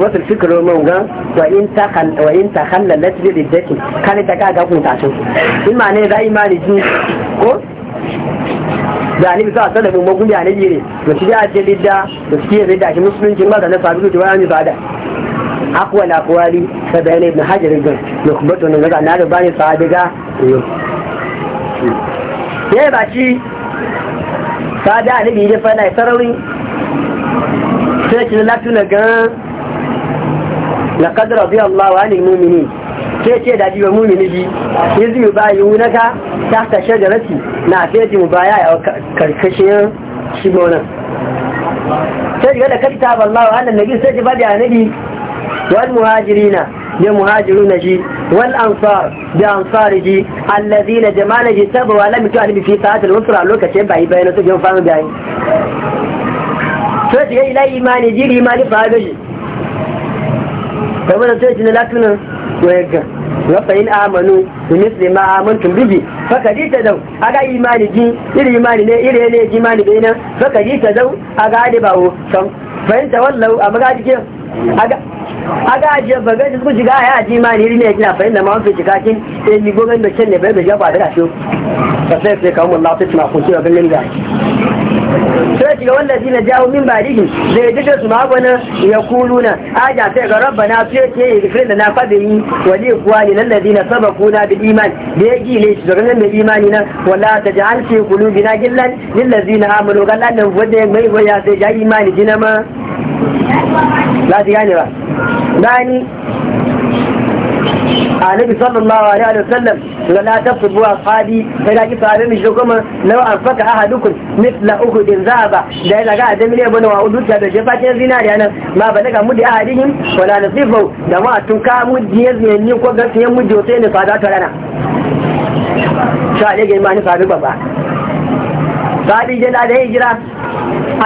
wasu fikirin man gan wa in ta halla lati da dake kare ta gaga kun tasu in ma ne za imani jin ko da ni bisa sada mu magun da ne jire da su ya ce lidda da su ke da shi musulunci ma da na sabu da wani bada da akwai lafuwari ta bayanai ibn hajar gan kuma tunan ga na da bani sadiga ya yayi ba shi sada ne bi ya fa na sarauri sai ki na gan لقد رضي الله عن المؤمنين sai ce da jiwa mumini bi yanzu mu ba yi wunaka ta ta shajarati na feji mu baya a karkashin shimonan sai ga da kafita Allah wa annan nabi sai ji ba da annabi wal muhajirina ya muhajiru na ji wal ansar da ansar ji allazina jama'ana ji sabu wa lam tu'ani fi sa'atil usra lokacin bai bayyana su ga famu bai sai ji ila imani ji imani fa gaji kamar da sai ne latunan yaga, wa fa in amanu bi misli ma amantum bihi fa kadi a aga imani ji iri imani ne iri ne ji imani bai nan fa kadi tadaw aga da bawo kam fa in tawallu a ga ji aga aga je baga ji ku jiga ya ji imani iri ne kina fa in da ma fi jiga kin sai ni gogan da kenne bai da jaba da shi fa sai sai kawo Allah ta tuna ku a ga da sai ga wanda zina jawo min ba rigin zai dace su magana ya kuluna aja sai ga rabba na sai ke yi rikirin da na fada yi wani kuwa ne nan da zina saba kuna bi iman da ya gile shi da nan da imani na wala ta ji an ce kulu bina gillan da zina amuru ga lannan wadda ya mai waya sai ja imani jina ma annabi sallallahu alaihi wa sallam la la tasbu ashabi sai da kisa abin shi kuma law anfaka ahadukum mithla uhudin zahaba da ya daga da miliyan bana wa uduta da jefa cikin zinariya nan ma ba daga mudi ahadihim wala nasifu da ma tun ka mudi yanzu ko ga sai mudi sai ne fada ta rana sha ne ga imani fadu baba sabi jela da hijira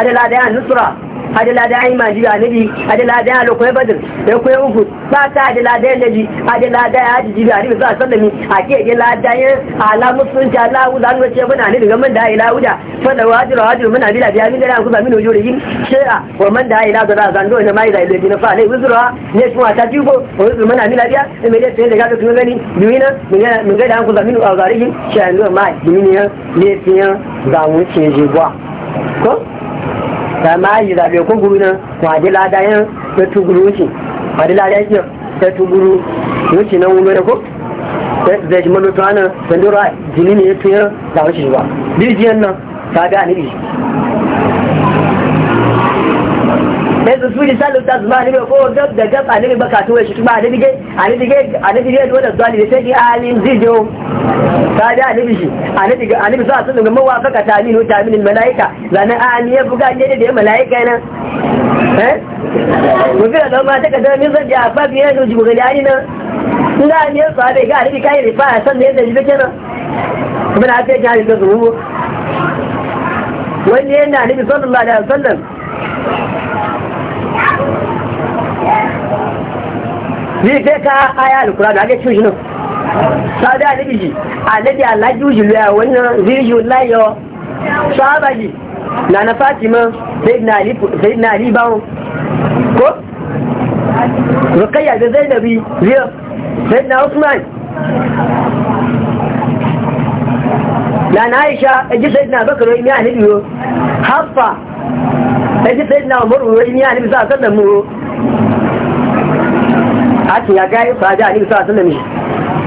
adala da nusra adala da ai manji nabi adala da alo ko badr da ko ugu ba ta adala da nabi adala da nabi jibi anabi sa mi ake ke la da ya ala musulunci ala u zan ce bana ne daga man da ila uda fa da wajiro wajiro muna bila biya min da ku ba min ujuri yin shay'a wa man da ila da zan do ne mai da ile bin fa ne uzura ne kuma ta ji jibo uzura muna bila biya ne me da sai daga ku gani duwina mun ga da ku ba min a zarihin shay'a mai duwina ne tiyan zamu ce jibwa ko ba ma yi zaɓe ko guru nan wa di ladayen da tuguru wuce wa di ladayen ke da tuguru wuce nan wuri ko zai shi malutu ana sandura jini ne ya tuyar da wuce shi ba bijiyan nan ta ga ni mai su suri salu ta zuma ne ko gab da gab annabi baka tuwa shi kuma annabi ge annabi ge annabi ge dole zali sai ki alin zijo ta da annabi shi annabi ga annabi za su ga mawafaka ta aminu ta aminin malaika zanan ani ya buga ne da malaika eh ga da ma ta ka da min zan fa biye da jibu ga ani nan ina ne su da ga annabi kai rifa san ne da jibe kuma na ta ga da zuwa wani yana sallallahu alaihi wasallam ni dai ka aya alkurani ake ci jinin sadi alibi ji alibi alaji ujilu ya wannan zirju layo sahaba ji na na fatima sai na ali bawon ko rukayya da zainabi ziyar sai usman na na aisha eji sai na bakar wani ya alibi yo haffa eji sai na umaru wani ya alibi za aki ya gai fa ja ni sa sallami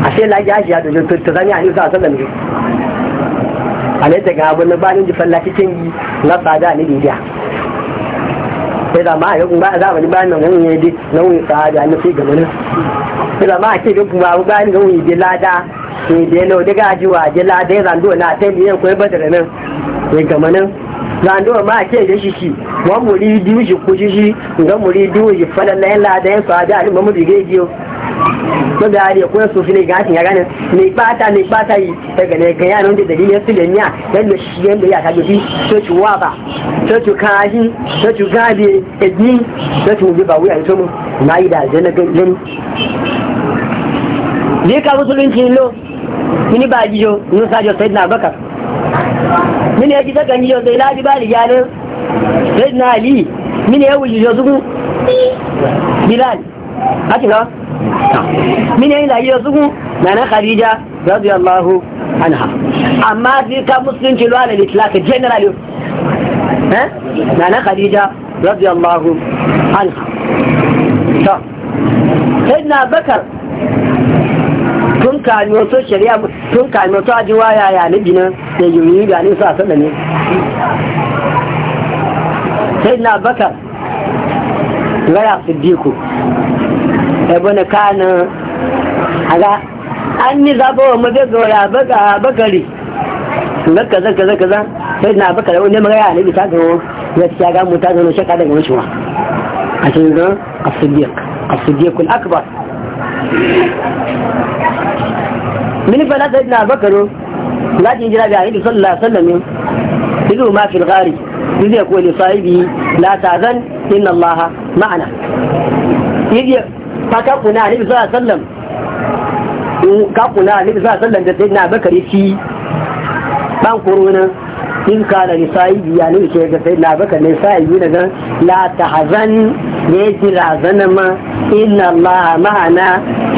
ashe la ya shi ya dojo to ta zani ani sa sallami ale ta ga abun ba ni ji falla cikin yi na fa a ni biya sai da ma ya kuma za ba ni ba nan ne di nan wi fa ja ni sai da ma ke kuma ba ni ga wi di lada ni di no daga ajiwa di lada ya zando na ta biyan ko ba da nan ne gaba nan gando ma ke da shi shi wa muridi shi kuji shi ga muridi shi falan lai la da yansu ada ni mamu bige giyo ko da ari ko su fili ga tin ya gane ni bata ni bata yi daga ne ga yaron da dalilin su da niya dan da shi yanda ya ka gaji to ci wa ba to ci kaji to ci gabe edni to ci ba wuya to mu na yi da ga ganin ni ka musulunci lo ni ba yo ni sai na abakar من يجي تكن يوز إلى جبال جانب سيدنا علي من يوز يوزه بلال أكيد من يوز يوزه نانا خديجة رضي الله عنها أما ذلك مسلم تلوان الإطلاق جنرال ها نانا خديجة رضي الله عنها سيدنا بكر كن كان يوصل شريعة مسلم tun kalmar to ajiwa ya ya nabi nan da yoyi ga ni sa sada ne sai na baka gara siddiku ebe kana aga an ni zaba wa mafi gora baka bakari ga kaza kaza kaza sai na baka da wani magana ne bisa ga gaskiya ga mutan zano shaka daga wucewa a cikin ga as-siddiq as-siddiq al-akbar mini fa na sayyidina abubakar lakin jira bi ahidi sallallahu alaihi wasallam idu ma fil ghari idu ya kuwa li sahibi la ta'zan inna allaha ma'ana idu faka kuna annabi sallallahu alaihi wasallam ka kuna annabi sallallahu alaihi wasallam da sayyidina abubakar shi ban korona in kana ni sahibi ya ne ce ga sayyidina abubakar ne sahibi ne ga la ta'zan ne jira zanama inna allaha ma'ana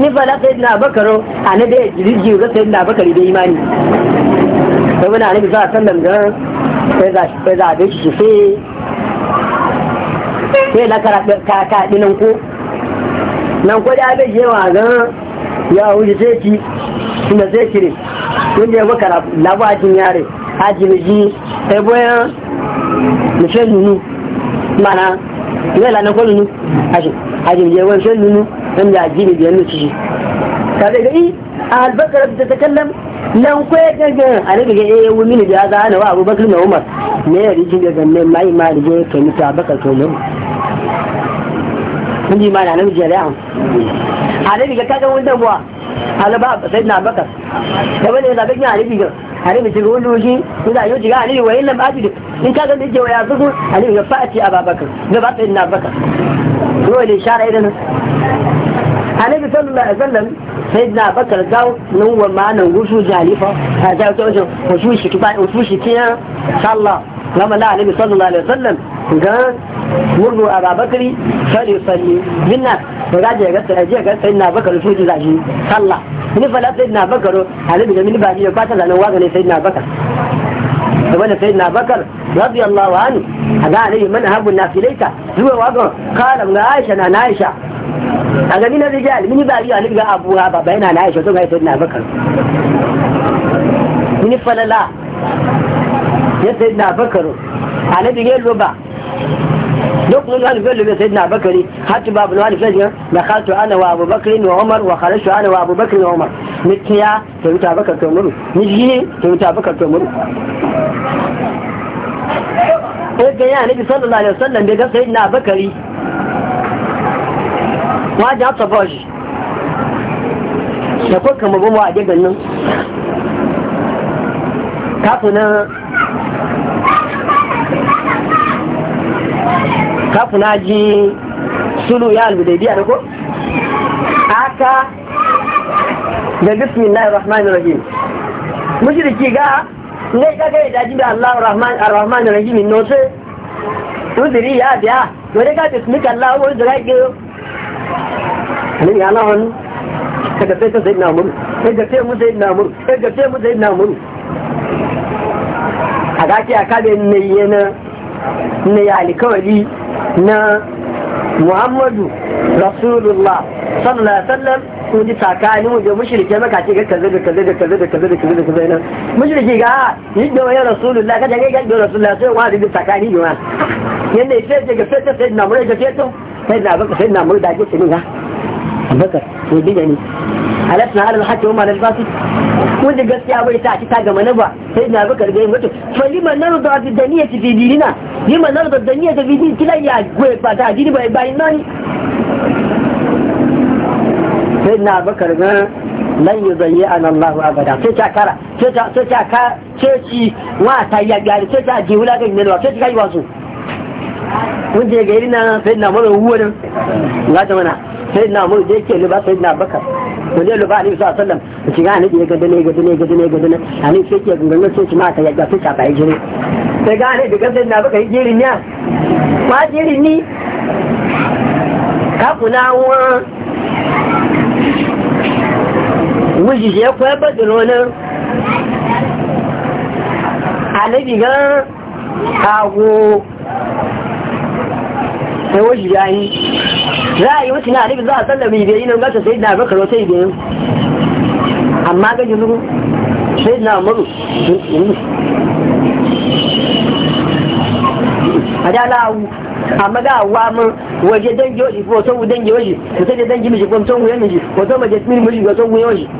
ni fa la na bakaro ana da jirgi ga sai na bakari da imani sai wani annabi sallallahu sallan wasallam ga sai za sai za da shi sai sai la kara ka ka dinan ko nan ko da abin yawa ga ya wuce sai ki kuma sai ki kire wanda ya bakara labu ajin yare ne ji sai boyan mishe nunu mana yau lanar ko nunu ajin ajin je wani sai nunu an da addini da yanzu shi ka daga yi a albakar da ta kallon nan kwaye a daga ga yayin wumi ne ya zana wa abubakar na umar ne ya rijin da gangan mai ma da ya kai mutu abubakar to yau ji ma na namiji jari'a a daga ga kagan wani sai na da wani ya zaɓe a a shiga wani wuji ko da yau shiga a daga wayin lam abidi in kagan da yake wa ya zuku a daga ga a babakar da ba sai na abubakar هو شارع إلى النبي صلى الله عليه وسلم سيدنا بكر قال نو ما نوشو جالفة هذا وجه وشوش كبا وشوش كيا إن شاء الله لما لا النبي صلى الله عليه وسلم قال مروا أبا بكر صلي صلي منا وراجع قلت أجي قلت سيدنا بكر شو جزاجي صلى من فلا سيدنا بكر هذا من من بعد يقاتل أنا واقع سيدنا بكر وأنا سيدنا بكر رضي الله عنه a ga ne man habun na filaita zuwa wagon kala ga aisha na aisha a gani na rijal mini ba riya ga abu ha baba yana na aisha to ga ita na bakar mini falala ya sai na bakar alabi ga loba duk mun ga nufin lumin sayyidina bakari hatta babu na nufin jin da khatu ana wa Abubakar bakari wa umar wa kharashu ana wa abu bakari wa umar mutiya ta yuta bakar to muru miji ta yuta bakar muru ga ya nabi sallallahu alaihi wasallam bai yin na bakari wajen hafsa bashi da kuka mabu ma a jagan nan kafina kafina ji sulu ya albudaidiya da ko aka da bismillahir rahmanir rahim mushriki ga ne kaga ya daji da Allah rahman ar-rahman ar-rahim no sai uzuri ya biya to dai ka Allah wani ke ne ya na hannu ka gafe ta sai na ka gafe mu sai na ka gafe mu a a kabe ne ya alkawari na Muhammadu Rasulullah sallallahu alaihi wasallam kun ji tsakanin wajen mushrike maka ce ga kaza da kaza da kaza da kaza da kaza da kaza nan mushrike ga yi da rasulullah kaje ga ga rasulullah sai wa da tsakani ne ma yanda yake ce ga fete sai na mure ga fete sai na baka sai na mure da ke tuni ga abakar ne diga ne alasna alal hakki wa malal basit kun da gaskiya bai ta ci ta gama na sai na ga yin wato fa liman narda bi daniyati bi dinina liman narda daniyati bi dinina kila ya gwe ba da dini bai bai nani sai na bakar na lan yi zai an Allah abada sai ta kara sai ta ka ce ci wa ta yi gari sai ta ji wula ga minwa sai ta kai wasu kun je gari na sai na mara wuwan ga ta mana sai na mara da yake luba sai na bakar ko ne liba alaihi sallam ki ga ne ga ne ga dane ga dane ga dane ani sai ke gungun sai ci ma ta ya ga sai ta bai jire sai ga ne daga sai na bakar jirin ya ma jirin ni ka kuna wa wujije kwaya badiro nan alabi gan kago sai wajen yayi za a yi wuce na alibi za a tsalla mai yi nan gasa sai na bakar wata ibiyayi amma gaji zuru sai na maru a da amma ga awa mun waje dangi waje ko sau dangi waje ko sai dangi miji ko sau wuyan miji ko sau maje miji ko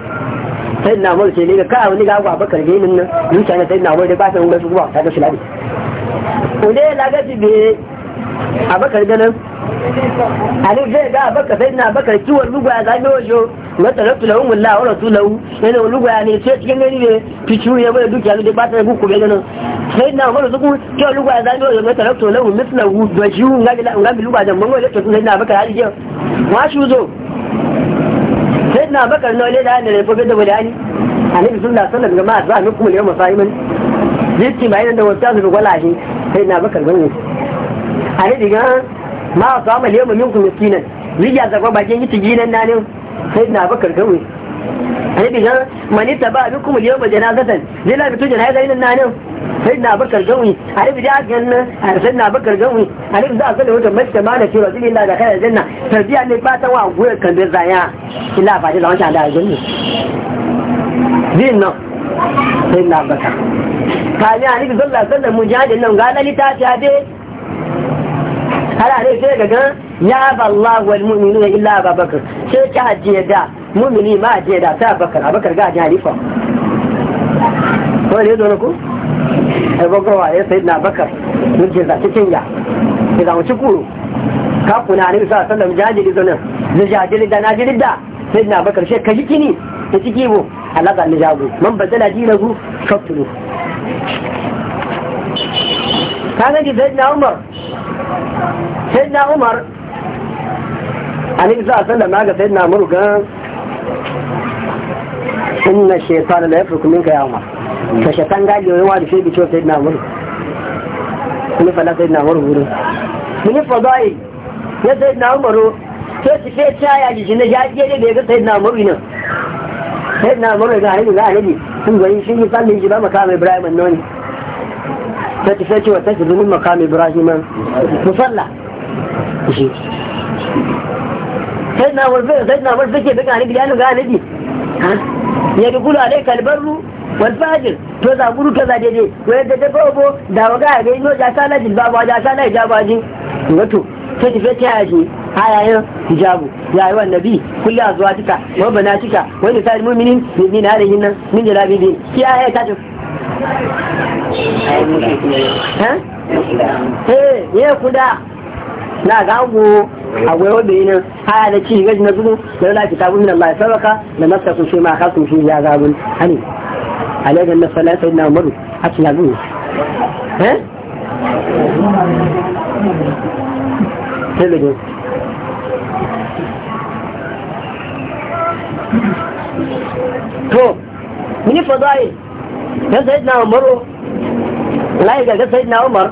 sai na mawar ce ne ga ka'a wani ga ba bakar min nan zuciya ne sai na mawar da ba san wasu kuma ta ga ne la ga lagaci be a bakar ganin Ali zai ga bakar sai na bakar kiwon lugwa ya ne wajo na tarabtu lahu mulla wa rasulahu yana lugwa ne sai cikin gani ne fitu ya bai dukiya ne ba ta guku be ganin sai na mawar zuku kiwon lugwa ga ne wajo na tarabtu lahu mislahu da shi ngabi ngabi lugwa da mun wajo da sai na bakar hadi je wa zo sai na bakar na wale da hannun ya fofe da wadani a nabi da sallar a tsanin kuma yau masahiman zirki ma yana da wata zuwa sai na bakar gani a nabi ma a samu yau mamin kuma kinan riya zagwa bakin yi tiginan nanin sai na bakar gani bi jan mani taba bi kuma yau bajana gatan zai labi to jana ga nan nan sai na bakar gawi annabi da ga nan sai na bakar gawi annabi za a ga wata mace ma da cewa da kai janna tarbiya ne ba ta wa goyar kan da zaya ila fa da wancan da gani din nan sai na bakar kani annabi sallallahu alaihi wasallam mujahidin nan ga dalita ta dai har a sai ga ya ba Allah wal mu'minuna illa Abubakar sai ka hajiya da mumini ma je da ta bakar abakar ga jihar ko wani ne zo na ku ai gogowa ya sai na bakar mun je za cikin ya ya zama ci kuro ka kuna ne sa sallam jajiri zo nan na jajiri da na da sai na bakar shi ka kini ni ta ciki bo alaƙa na jago man ba zana jira gu kaftulu ka sai na umar sai na umar a ne sa na ga sai na murgan inna shaytana la yafruku minka ya umar shaytan ga yoyi wa da shi bicho sai na kuma fa la sai na mur gurin mun fadai ya sai umar to shi sai ta ya ji ne ya je da ga sai na mur ina sai ga hali ga hali kun ga shi ne sallin ji ba makam ibrahim nan ta tafi cewa ta tafi makam ibrahim musalla shi sai na mur sai na da ga hali ga hali ya dukulu alai wal fajir to za guru za daidai ko yadda da bobo da waga ga yo ja sala a ba ja sala a ji wato ta tafi ta a hayayen hijabu ya yi wannan bi kullu azwatika wa banatika wa nisa'il cika min halihin nan min jalabi bi ki aya ta tafi na ga ango a wayo da nan haya da ci gaji na zuru da la kitabu min Allah sabaka da nafsa kun ma ka kun shi ya hani na sai na Umar a ci ya gun eh tele to mini fadai dan sayyidina Umar la ga sayyidina Umar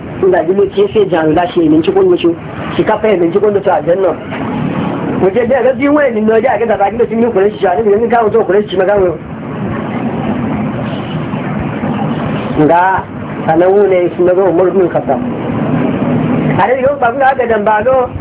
nga jilo ce sai jaru da shi min ci kunyo shi ka fa min ci kunyo janna da ga biyu wani no da ga da ga ci min shi shani min ka wato kunyo shi magana ne shi na ga umar kasa khattab yi yo ba ga ga dan ba